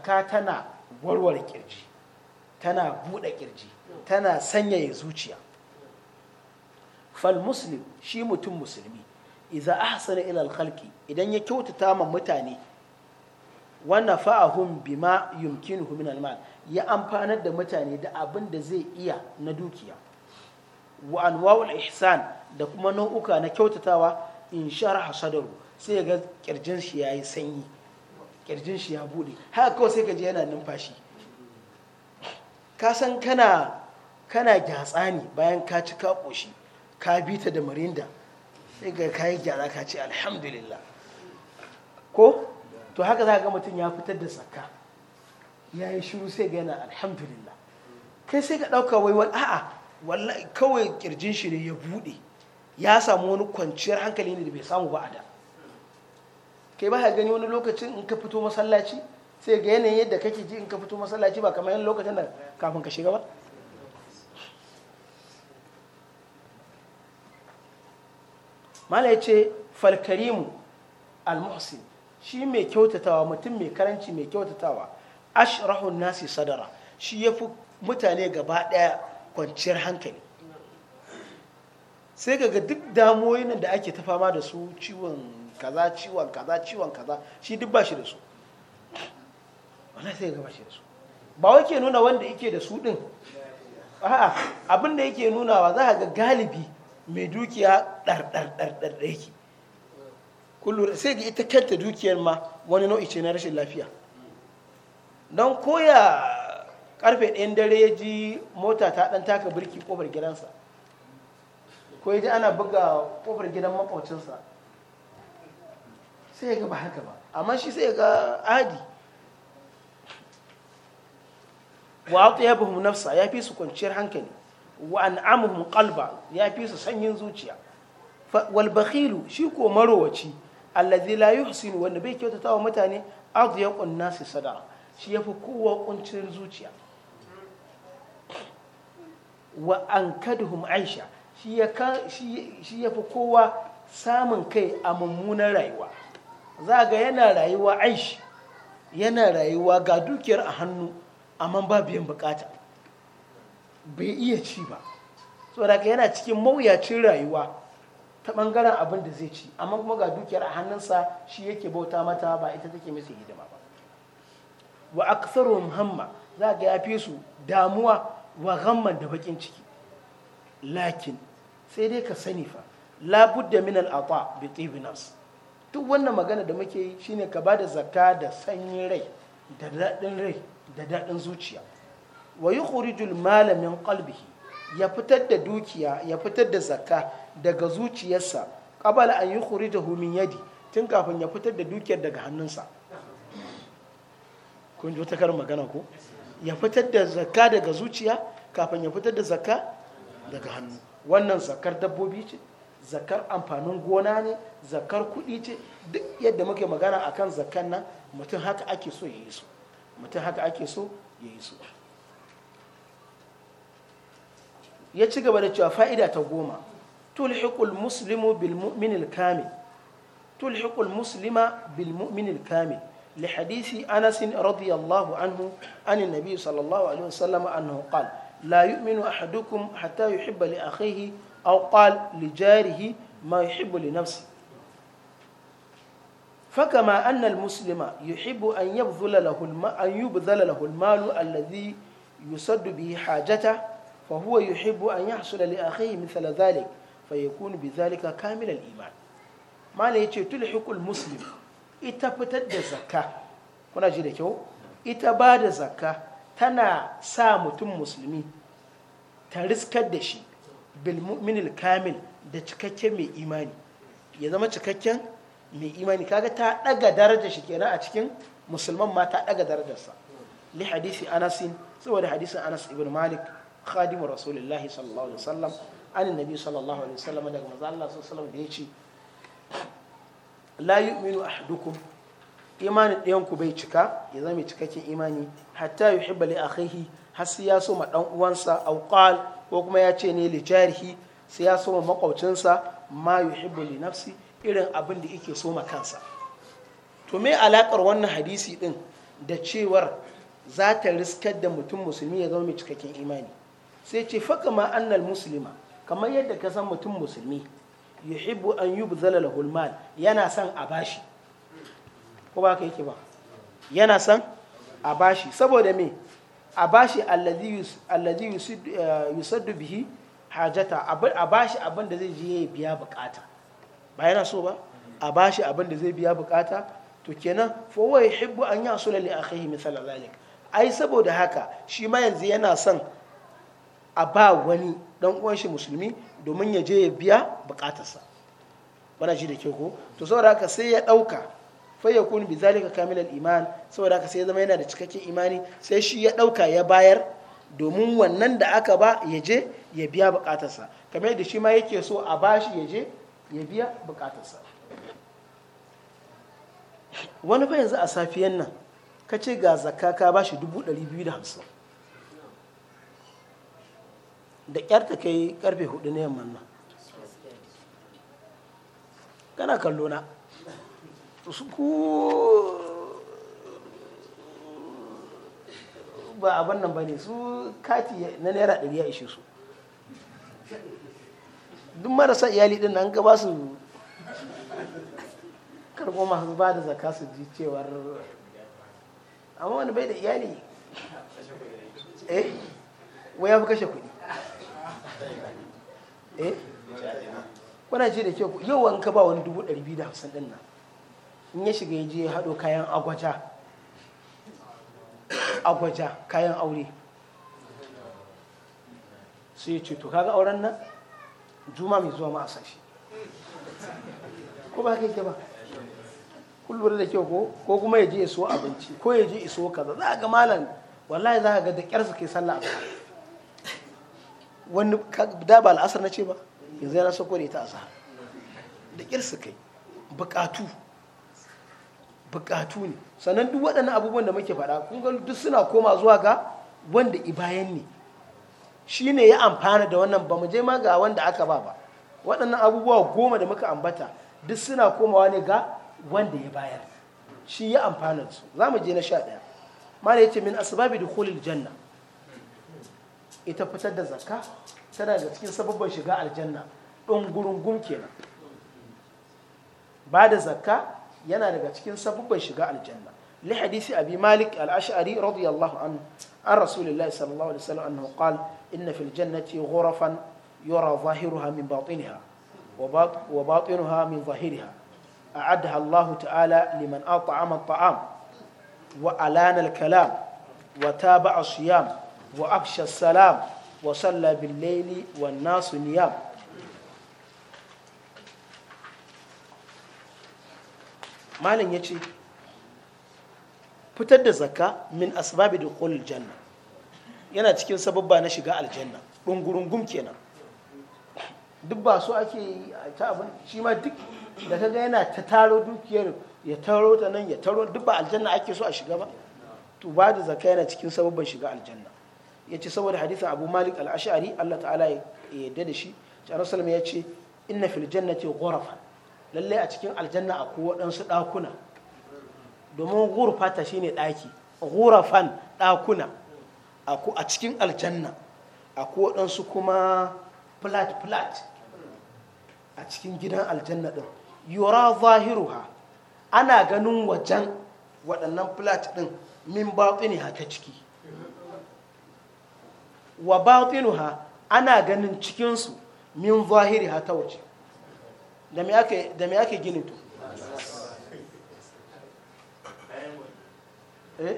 S1: tana warware kirji tana buɗe kirji tana sanyaya zuciya fal muslim shi mutum musulmi Iza ahsana ila al-khalqi idan ya kyautata ma mutane wa nafa'ahum bima yumkinuhu min al-mal ya amfanar da mutane da abin da zai iya na dukiya wa wawul ihsan da kuma nau'uka na kyautatawa in sharaha sadaru sai ga kirjin shi yayi sanyi kirjin shi ya bude haka kawai sai kaje yana numfashi ka san kana kana gyatsa ne bayan ka ci ka koshi ka bi ta da marinda sai ka kai gyara ka ce alhamdulillah ko to haka za ga mutum ya fitar da sakka ya yi shiru sai ga yana alhamdulillah kai sai ka ɗauka wai wani a'a wallahi kawai kirjin shi ne ya buɗe ya samu wani kwanciyar hankali ne da bai samu ba a da kai ba gani wani lokacin in ka fito masallaci sai ga yanayin yadda kake ji in ka fito masallaci ba kamar yin lokacin da kafin ka shiga ba mala ya ce falkarimu al-muhsin shi mai kyautatawa mutum mai karanci mai kyautatawa ashrahun nasi sadara shi ya fi mutane gaba ɗaya kwanciyar hankali sai ga duk damoyin da ake ta fama da su ciwon kaza ciwon kaza ciwon kaza shi duk ba shi da su wala sai ga ba shi da su ba wai ke nuna wanda yake da su din a'a abin da yake nuna wa za ka ga galibi mai dukiya dar dar dar dar da yake sai ga ita kanta dukiyar ma wani nau'i ce na rashin lafiya don koya karfe ɗayan dare ya ji mota ta ɗan taka birki ƙofar gidansa ko ya ji ana buga ƙofar gidan maƙocinsa sai ya ga ba haka ba amma shi sai ya ga adi wa ya buhum nafsa ya fi su kwanciyar hankali wa an'amuhum kalba ya fi su sanyin zuciya walbakhilu shi ko marowaci allazi la yuhsinu wanda bai kyautata wa mutane adiyaqun nasi sadara shi ya fi kowa kuncin zuciya wa an kaduhum aisha shi ya fi kowa samun kai a mummunan rayuwa za ga yana rayuwa aishi yana rayuwa ga dukiyar a hannu amma ba biyan bukata bai iya ci ba saboda ka yana cikin mawuyacin rayuwa ta bangaren abin da zai ci amma kuma ga dukiyar a hannunsa shi yake bauta mata ba ita take masa hidima ba wa aktharuhum muhamma za ga ya fi su damuwa wa ghamman da bakin ciki lakin sai dai ka sani fa labudda min al-ata bi tibinas duk wannan magana da muke yi shine ka ba da zakka da sanyin rai da daɗin rai da daɗin zuciya wa yukhrijul mala min qalbihi ya fitar da dukiya ya fitar da zakka daga zuciyarsa qabala an yukhrijahu min yadi tun kafin ya fitar da dukiyar daga hannunsa kun ji karin magana ko ya fitar da zakka daga zuciya kafin ya fitar da zakka daga hannu wannan zakkar dabbobi ce zakar amfanin gona ne zakar kuɗi ce duk yadda muke magana akan zakan nan mutum haka ake so ya yi su mutum haka ake so ya yi su ya ci gaba da cewa fa'ida ta goma tulhiqul muslimu bil mu'minil muslima bil kamil لحديث أنس رضي الله عنه عن النبي صلى الله عليه وسلم أنه قال لا يؤمن أحدكم حتى يحب لأخيه أو قال لجاره ما يحب لنفسه فكما أن المسلم يحب أن يبذل له أن يبذل له المال الذي يسد به حاجته فهو يحب أن يحصل لأخيه مثل ذلك فيكون بذلك كامل الإيمان ما لا المسلم ita fitar da zakka kuna ji da kyau ita ba da zakka tana sa mutum musulmi ta riskar da shi bilmuminil kamil da cikakken mai imani ya zama cikakken mai imani kaga ta daga darajar shi kenan a cikin musulman ma ta daga darajarsa li hadisi anasin saboda hadisin anas ibn malik khadimu rasulullahi sallallahu alaihi wasallam an nabi sallallahu alaihi wasallam daga manzo Allah sallallahu alaihi wasallam da yace la yu'minu ahadukum imanin ɗayan ku bai cika ya zama cikakken imani hatta yuhibba li akhihi har sai ya so ma dan uwansa aw ko kuma ya ce ne li jarihi sai ya so ma makwabcinsa ma yuhibbu li nafsi irin abin da yake so ma kansa to me alakar wannan hadisi din da cewar za ta riskar da mutum musulmi ya zama mai cikakken imani sai ce faka ma annal musulma kamar yadda ka san mutum musulmi yuhibbu an yubzala lahul mal yana son a bashi ko ba ka yake ba yana son a bashi saboda me a bashi alladhi eh, yusaddu bihi hajata a bashi abin da zai je biya bukata ba yana so ba a bashi abin da zai biya bukata to kenan fa wa yuhibbu an yasula li akhihi misal zalik ai saboda haka shi ma yanzu yana son a ba wani dan uwan shi musulmi domin ya je ya biya bukatarsa bana shi da ke ko to saboda haka sai ya ɗauka fa ya kun bizalika kamilal iman saboda haka sai ya zama yana da cikakken imani sai shi ya ɗauka ya bayar domin wannan da aka ba ya je ya biya bukatarsa kamar da shi ma yake so a bashi ya je ya biya bukatarsa wani fa yanzu a safiyan nan ka ce ga zakka ka bashi dubu ɗari biyu da hamsin da ƙyar ta kai karfe hudu na yamman nan kana kallo na su ku ba abin nan ba ne su kati na naira ɗari ya ishe su duk marasa iyali ɗin nan gaba su karɓo masu ba da zaka su ji cewar amma wani bai da iyali eh wai ya fi kashe kuɗi eh kuna ji da kyau yau an ka ba wani dubu ɗari biyu da hamsin ɗin nan in ya shiga ya je ya haɗo kayan agwaja agwaja kayan aure Su ya ce to kaga auren nan juma mai zuwa ma a sashi ko ba ka yake ba kullum da kyau ko kuma ya je ya so abinci ko ya je ya so kaza za a ga malam wallahi za a ga da kyar su sallah a wani da ba al'asar na ce ba yanzu yana sako da ita azhar da kirsu kai bukatu bukatu ne sannan duk waɗannan abubuwan da muke faɗa kun ga duk suna koma zuwa ga wanda ibayan ne shi ne ya amfana da wannan ba mu je ma ga wanda aka ba ba waɗannan abubuwa goma da muka ambata duk suna komawa ne ga wanda ya bayar shi ya amfana su za mu je na sha ɗaya mana ya ce min asbabi dukhulil janna ita fitar da zakka tana daga cikin sababban shiga aljanna ɗin kenan ba da zakka yana daga cikin sababban shiga aljanna li hadisi abi malik al-ash'ari radiyallahu anhu an rasulillahi sallallahu alaihi wasallam annahu qala inna fil jannati ghurafan yura zahiruha min batiniha wa batinuha min zahiriha a'addaha Allah ta'ala liman at'ama at-ta'am wa alana al-kalam wa taba'a as-siyam wa afsha salam wa salla bil laili wan nasu niyam malam yace fitar da zakka min asbabi dukhul janna yana cikin sababba na shiga aljanna dungurungum kenan duk ba so ake ta abin shi ma duk da ta ga yana ta taro dukiyar ya taro ta nan ya taro duk ba aljanna ake so a shiga ba to ba da zakka yana cikin sababban shiga aljanna ya ce saboda haditha abu malik al allah ta'ala ya yadda da shi shi annabi ya ce inna fil jannati ghurafa lalle a cikin aljanna akwai waɗansu ɗakuna domin ghurfa ta shine ɗaki gurafan ɗakuna a cikin aljanna akwai waɗansu kuma flat flat a cikin gidan aljanna ɗin yura ha ana ganin wajen waɗannan flat ɗin min ne haka ciki wa batinuha ana ganin cikinsu min zahiri ha ta waje da me ake ginin to eh?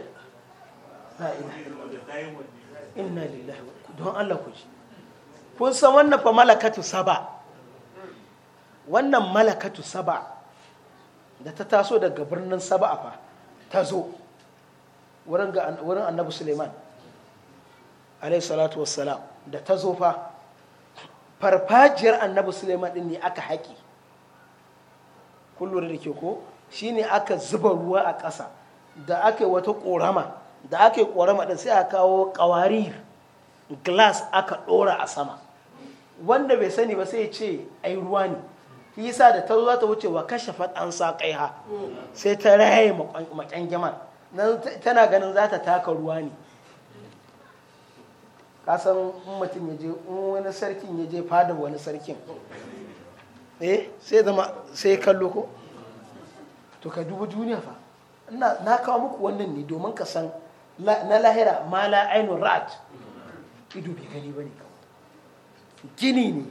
S1: inna lillahi don Allah ku ji kun san wannan fa malakatu saba wannan malakatu saba da ta taso daga birnin saba fa ta zo wurin annabi suleiman alaihi salatu wassalam da ta zo fa farfajiyar annabi suleiman din ne aka haƙi kullum da ke ko shi ne aka zuba ruwa a ƙasa da aka yi wata ƙorama da aka yi ƙorama ɗin sai a kawo ƙawari glass aka ɗora a sama wanda bai sani ba sai ce ai ruwa ne isa da ta zo ta wuce wa kashe faɗan sa ha
S2: sai ta raye
S1: makyangyamar tana ganin za ta taka ruwa ne kasan in mutum ya je in wani sarkin ya je fadar wani sarkin eh sai zama sai kallo ko to ka duba duniya fa na kawo muku wannan ne domin ka san na lahira ma la ainun ra'at ido bai gani bane gini ne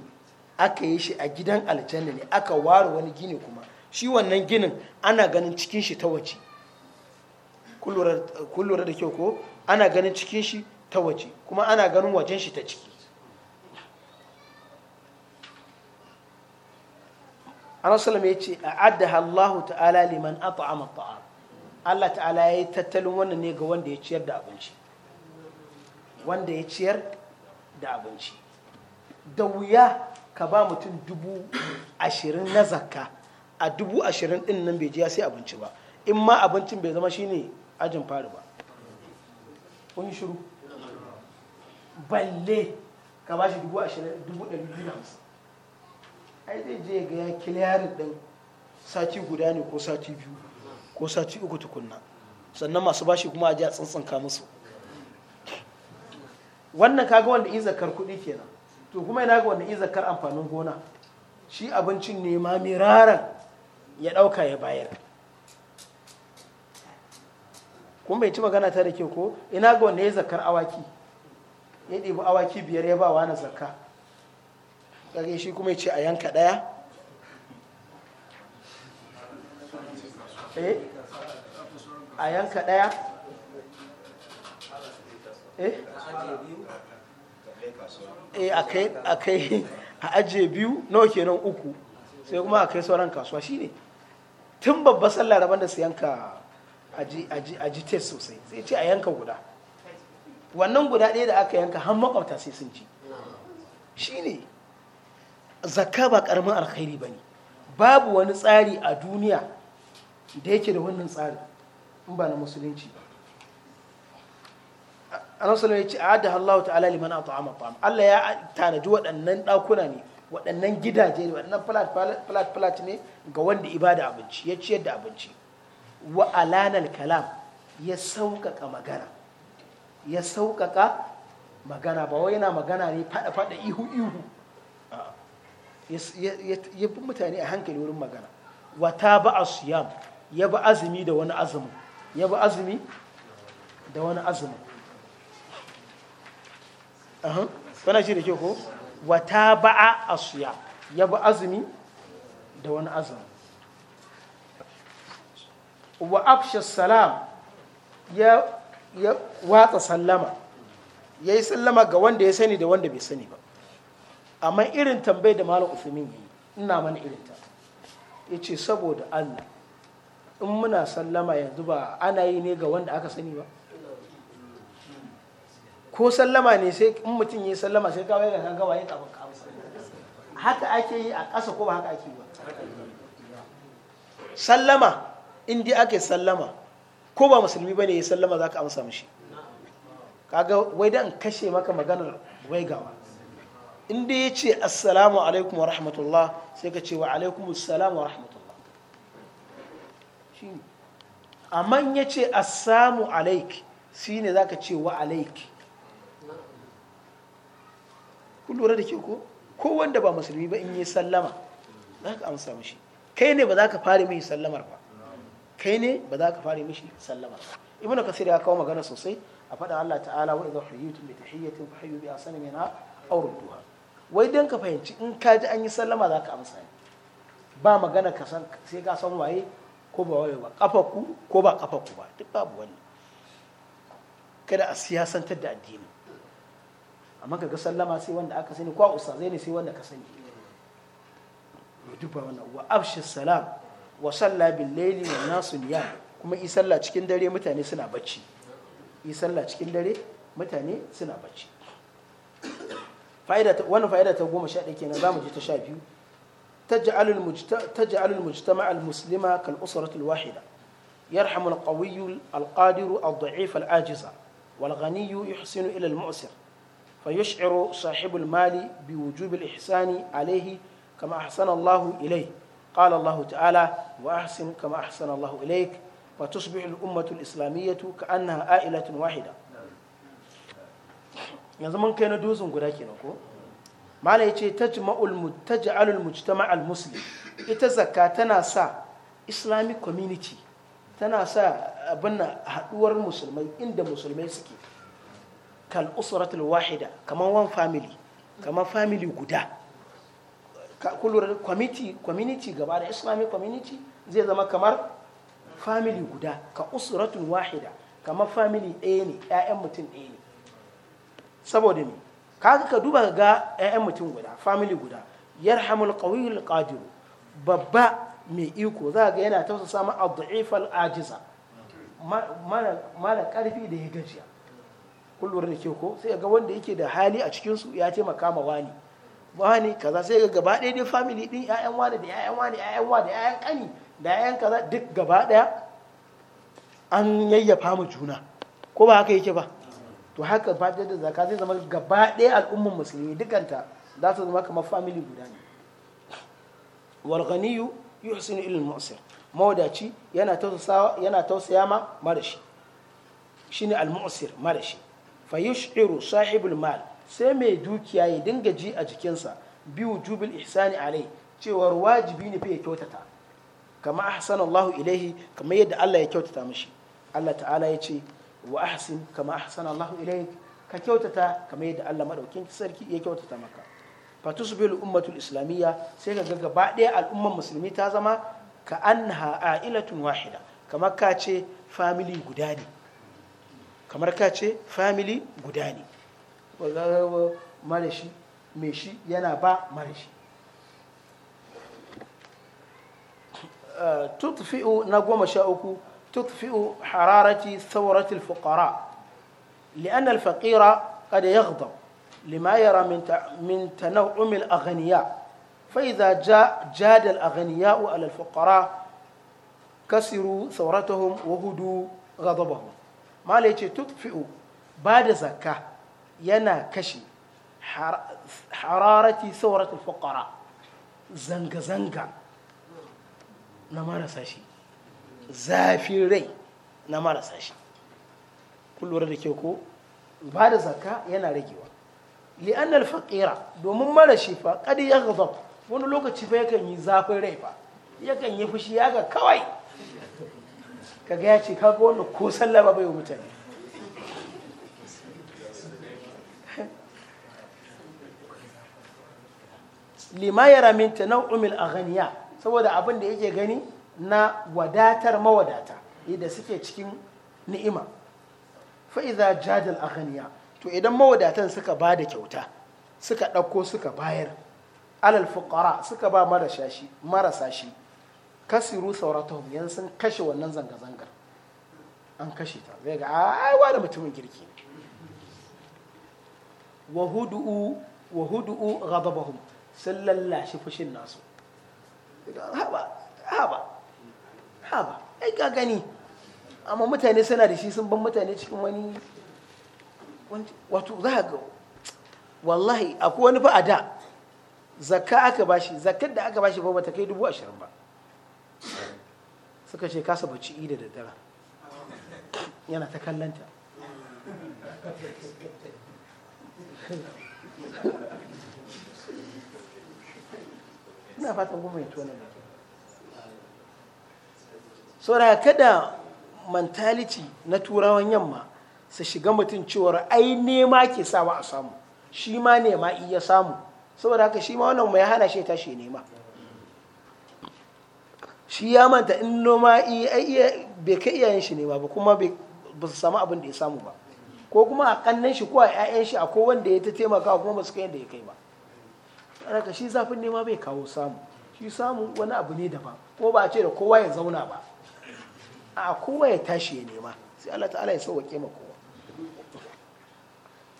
S1: aka yi shi a gidan aljanna ne aka ware wani gini kuma shi wannan ginin ana ganin cikin shi ta waje kun da kyau ko ana ganin cikin shi ta waje kuma ana ganin wajen shi ta ciki anasalam ya ce a adda allahu ta'ala liman at'ama ta'am allah ta'ala ya yi tattalin wannan ne ga wanda ya ciyar da abinci wanda ya ciyar da abinci da wuya ka ba mutum dubu ashirin na zakka a dubu ashirin din nan bai je ya sai abinci ba in ma abincin bai zama shine ajin fari ba kun shiru balle ka ba shi dubu ashirin dubu ɗari biyu da hamsin ai zai je ga ya kiliyarin ɗin sati guda ne ko sati biyu ko sati uku tukunna sannan masu bashi kuma a ji a tsantsanka musu wannan kaga wanda in zakar kuɗi kenan to kuma yana ga wanda in zakar amfanin gona shi abincin ne ma miraran ya ɗauka ya bayar kun bai ci magana ta da ke ko ina ga wanda ya zakar awaki ya ɗibi awaki biyar ya ba wa na zakka ƙage shi kuma ya ce a yanka ɗaya eh? a yanka ɗaya eh? Eh, a kai a ajiye biyu nawa kenan uku sai kuma a kai sauran kasuwa shine tun babbar sallah rabar da su yanka aji tes sosai sai ce a yanka guda wannan guda ɗaya da aka yanka har makwabta sai sun ci Shi ne. zakka ba ƙaramin alkhairi ba ne babu wani tsari a duniya da yake da wannan tsari in ba na musulunci an salo ya ce a adda Allah ta'ala liman at'ama ta'am Allah ya tanaji waɗannan ɗakuna ne waɗannan gidaje ne waɗannan flat flat ne ga wanda ibada abinci ya ciyar da abinci wa alanal kalam ya sauƙaƙa magana ya sauƙaƙa magana ba wai yana magana ne faɗa-faɗa ihu-ihu ya bi mutane a hankali wurin magana wata ba a siyam ya bi azumi da wani azumi ya bi azumi da wani azumi bana shi da ke ko wata ba a siyam ya bi azumi da wani azumi wa afshas salam ya ya watsa sallama ya yi sallama ga wanda ya sani da wanda bai sani ba amma irin tambayi da malam uthmin yi ina mana irin ta ya ce saboda allah in muna sallama yanzu ba ana yi ne ga wanda aka sani ba ko sallama ne sai in mutum yi sallama sai kawai ga gawa ya kafin kawai haka ake yi a ƙasa ko ba haka ake yi ba sallama in ake sallama ko ba musulmi bane ya sallama zaka amsa mishi kaga wai dan kashe maka maganar waigawa in dai yace assalamu alaikum wa rahmatullah sai ka ce wa alaikum assalam wa rahmatullah shine amma in yace assamu alaik shine zaka ce wa alaik Ku lura da ke ko ko wanda ba musulmi ba in yi sallama za ka amsa mishi kai ne ba za ka fara mai sallamar ba kai ne ba za ka fara mishi sallama ibnu kasir ya kawo magana sosai a faɗa Allah ta'ala wa idza huyitum bi tahiyyatin fa hayyu bi ahsani minha aw rudduha wai dan ka fahimci in ka ji an yi sallama za ka amsa ba magana ka san sai ka san waye ko ba waye ba kafaku ko ba kafaku ba duk babu wani kada a siyasantar da addini amma ka ga sallama sai wanda aka sani ko a ustazai ne sai wanda ka sani duk ba wannan wa abshis salam wa salla bil laili wan nasu niyam kuma yi sallah cikin dare mutane suna bacci yi sallah cikin dare mutane suna bacci fa'ida wani fa'ida ta goma sha ɗaya kenan zamu je ta sha biyu تجعل المجتمع المسلم كالأسرة الواحدة يرحم القوي القادر الضعيف العاجز والغني يحسن إلى المعسر فيشعر صاحب المال بوجوب الإحسان عليه كما أحسن الله إليه قال الله تعالى وأحسن كما أحسن الله إليك وتصبح الأمة الإسلامية كأنها آئلة واحدة yanzu mun kai na dozin guda kenan ko mala yace tajma'ul taj'alul mujtama' al muslim ita zakka tana sa islamic community tana sa abin haduwar musulmai inda musulmai suke kal usratul wahida kaman one family kaman family guda kullum committee community gaba da islamic community zai zama kamar family guda ka usratun wahida kamar family ɗaya ne 'ya'yan mutum ɗaya ne saboda me kaga ka duba ga 'ya'yan mutum guda family guda yarhamul qawiyul qadir babba mai iko za ga yana tausa samun ad-da'ifal ajiza mana karfi da ya gajiya kullum da ke ko sai ga wanda yake da hali a cikinsu ya taimaka ma wani wani kaza sai ga gaba ɗaya dai family ɗin ƴaƴan wani da ƴaƴan wani ƴaƴan wani da ƴaƴan ƙani da ƴaƴan kaza duk gaba ɗaya an yayyafa mu juna ko ba haka yake ba to haka ba da zaka zai zama gaba ɗaya al'ummar musulmi dukanta za su zama kamar famili guda ne wal ghaniyu yuhsinu ilal mu'sir mawadaci yana tausaya yana tausaya ma marashi shine al mu'sir marashi fa sahibul mal sai mai dukiya ya dinga ji a jikinsa biyu jubil ihsani alai cewar wajibi ne fa ya kyautata kama ahsana Allah ilaihi kamar yadda Allah ya kyautata mishi Allah ta'ala ya ce wa ahsin kama ahsana Allah ilaihi ka kyautata kamar yadda Allah madaukin sarki ya kyautata maka fatusbilu ummatul islamiyya sai ka ga gaba ɗaya al'ummar musulmi ta zama ka annaha a'ilatun wahida kamar ka ce family guda ne kamar ka ce family guda ne marashi yana ba marashi eh, tutfi'u na goma sha uku tutfi'u hararati sauratul fuqara li'an alfaqira qad yaghda lima yara min tanawum alaghniya fa idha jaa jad alaghniya wa alfuqara kasiru sauratuhum wa hudu ghadabahum ma la yace tutfi'u ba da zakka yana kashe hararati sauratul fukara zanga-zanga na marasa shi zafin rai na marasa shi kullum da ke ko ba da zaka yana ragewa li'an alfaƙira domin mara shi fa ƙadi ya gazab wani lokaci fa yakan yi zafin rai fa yakan yi fushi ya ga kawai kaga ya ce kaga wannan ko sallaba bai wa mutane lima yara min a aghniya saboda abin da yake gani na wadatar mawadata da suke cikin ni'ima fa'iza jadal aghniya to idan mawadatan suka ba da kyauta suka ɗauko suka bayar alal fuqara suka ba marasa shi marasa shi kasiru sauratuhum sun kashe wannan zanga zangar an kashe ta zai ga ai da mutumin kirki wa hudu wa ghadabahum sun lallashi fushin nasu haba haba ai ga gani amma mutane suna da shi sun ban mutane cikin wani wato za ga wallahi akwai wani fa'a da zakka aka bashi zakkar da aka bashi ba bata kai dubu ashirin ba suka ce kasa bacci ida da dara yana ta kallanta ina fatan kuma fahimci wannan saboda kada mentality na turawan yamma su shiga mutum cewar ai nema ke sawa a samu shi ma nema iya samu saboda haka shi ma wannan mai hana shi tashi nema shi ya manta in noma iya bai kai iyayen shi nema ba kuma ba su samu abin da ya samu ba ko kuma a kannan shi ko a 'ya'yan shi a wanda ya ta taimaka kuma ba su kai yadda ya kai ba raka shi zafin nema bai kawo samu shi samu wani abu ne daban ko ba a ce da kowa ya zauna ba a kowa ya tashi ya nema sai Allah ta'ala ya sauwake ma kowa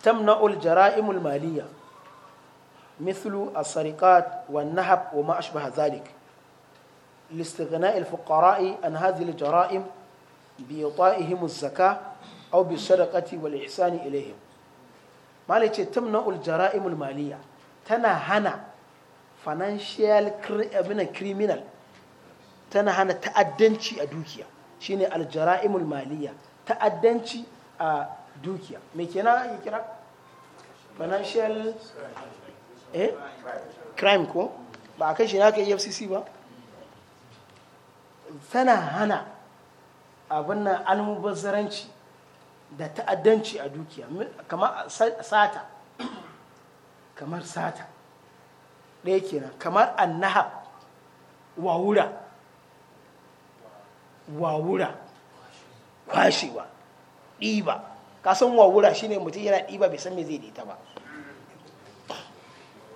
S1: tamna'ul jara'imul maliyya مثل السرقات والنهب وما أشبه ذلك لاستغناء الفقراء عن هذه الجرائم بإعطائهم الزكاة أو بالصدقة والإحسان إليهم ما تمنع الجرائم المالية tana hana financial criminal tana hana ta'addanci a dukiya shine aljara'imul maliya ta'addanci a dukiya me kenan yi kira financial eh crime ko ba a kai shi naka efcc ba tana hana abin nan almubazzaranci da ta'addanci a dukiya kama sata kamar sata ɗaya kenan kamar annahab wawura wawura kwashewa ɗiba kasan wawura shine mutum yana ɗiba bai san mai zai ɗita ba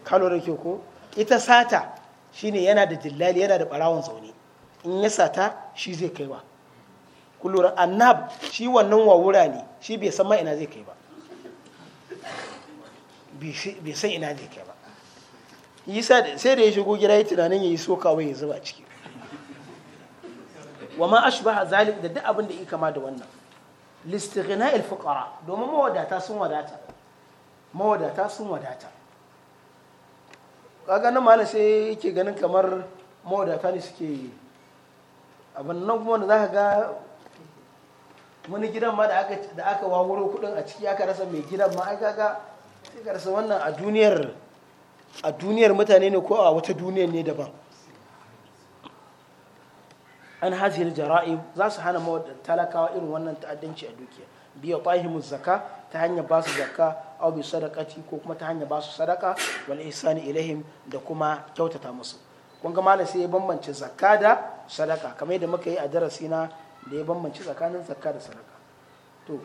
S1: kalo da ko ita sata shine yana da dillali yana da barawon zaune in ya sata shi zai kaiwa kullum annab shi wannan wawura ne shi bai san ma ina zai kai ba bai san ina ne ke ba sai da ya shigo gida ya tunanin ya yi so kawo ya zuba ciki wa ma a zali da duk abin da yi kama da wannan listighna al fuqara domin mawadata sun wadata mawadata sun wadata kaga nan malam sai yake ganin kamar mawadata ne suke yi abin nan kuma da zaka ga wani gidan ma da aka da aka wawuro kudin a ciki aka rasa mai gidan ma aka ga garsa wannan a duniyar a duniyar mutane ne ko a wata duniyar ne daban an da jara'i za su hana talakawa irin wannan ta'addanci a dukiya biya tahimu zaka ta hanyar ba su zaka au bi sadakati ko kuma ta hanyar ba su sadaka isa ni ilahim da kuma kyautata musu kun ga malam sai ya bambance zaka da sadaka kamar yadda muka yi a darasi na da ya bambance tsakanin zaka da sadaka to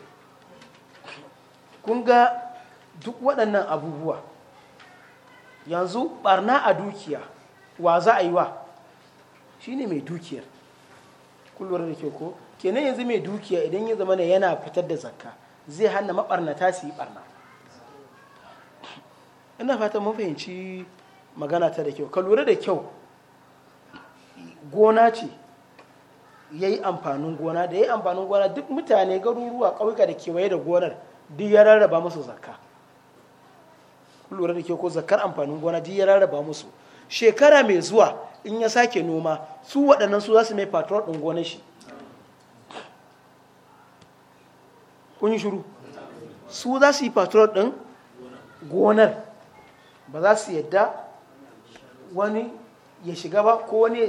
S1: kun ga duk waɗannan abubuwa yanzu barna a dukiya wa za a yi wa shi ne mai dukiyar kullum da ke ko kenan yanzu mai dukiya idan ya zama yana fitar da zakka zai hana maɓarnata su yi ɓarna ina fatan mun fahimci magana ta da kyau ka lura da kyau gona ce ya yi amfanin gona da ya yi amfanin gona duk mutane garuruwa ƙauyuka da kewaye da gonar duk ya rarraba musu zakka lura da ke ko zakar amfanin gona ji ya rarraba musu shekara mai zuwa in ya sake noma su waɗannan su za su mai fatuwar ɗin gonar shi kun yi shuru su za su yi fatuwar ɗin gonar ba za su yadda wani ya shiga ba ko wani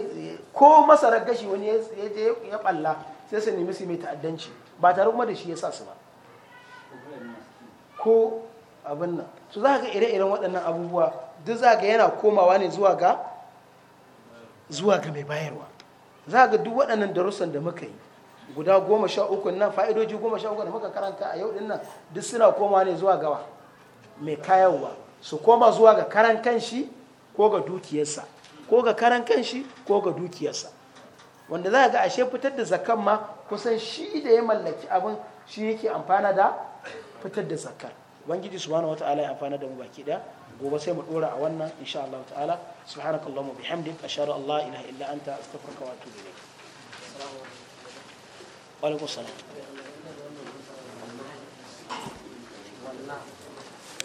S1: ko masarar gashi wani ya je ya balla sai su nemi su mai ta'addanci ba tare kuma da shi ya sa su ba ko abin nan su za ga ire-iren waɗannan abubuwa duk za ga yana komawa ne zuwa ga zuwa ga mai bayarwa za ga duk waɗannan darussan da muka yi guda goma sha uku nan fa'idoji goma sha uku da muka karanta a yau ɗin nan duk suna komawa ne zuwa gawa mai kayarwa su koma zuwa ga karan kanshi ko ga dukiyarsa ko ga karan kanshi ko ga dukiyarsa wanda za ga ashe fitar da zakar ma kusan shi da ya mallaki abin shi yake amfana da fitar da zakar ubangiji subhanahu wata'ala ya amfana da mu baki daya gobe sai mu dora a wannan insha Allah ta'ala subhanakallahumma bihamdik ashhadu an la ilaha illa anta astaghfiruka wa atubu ilayk
S2: wa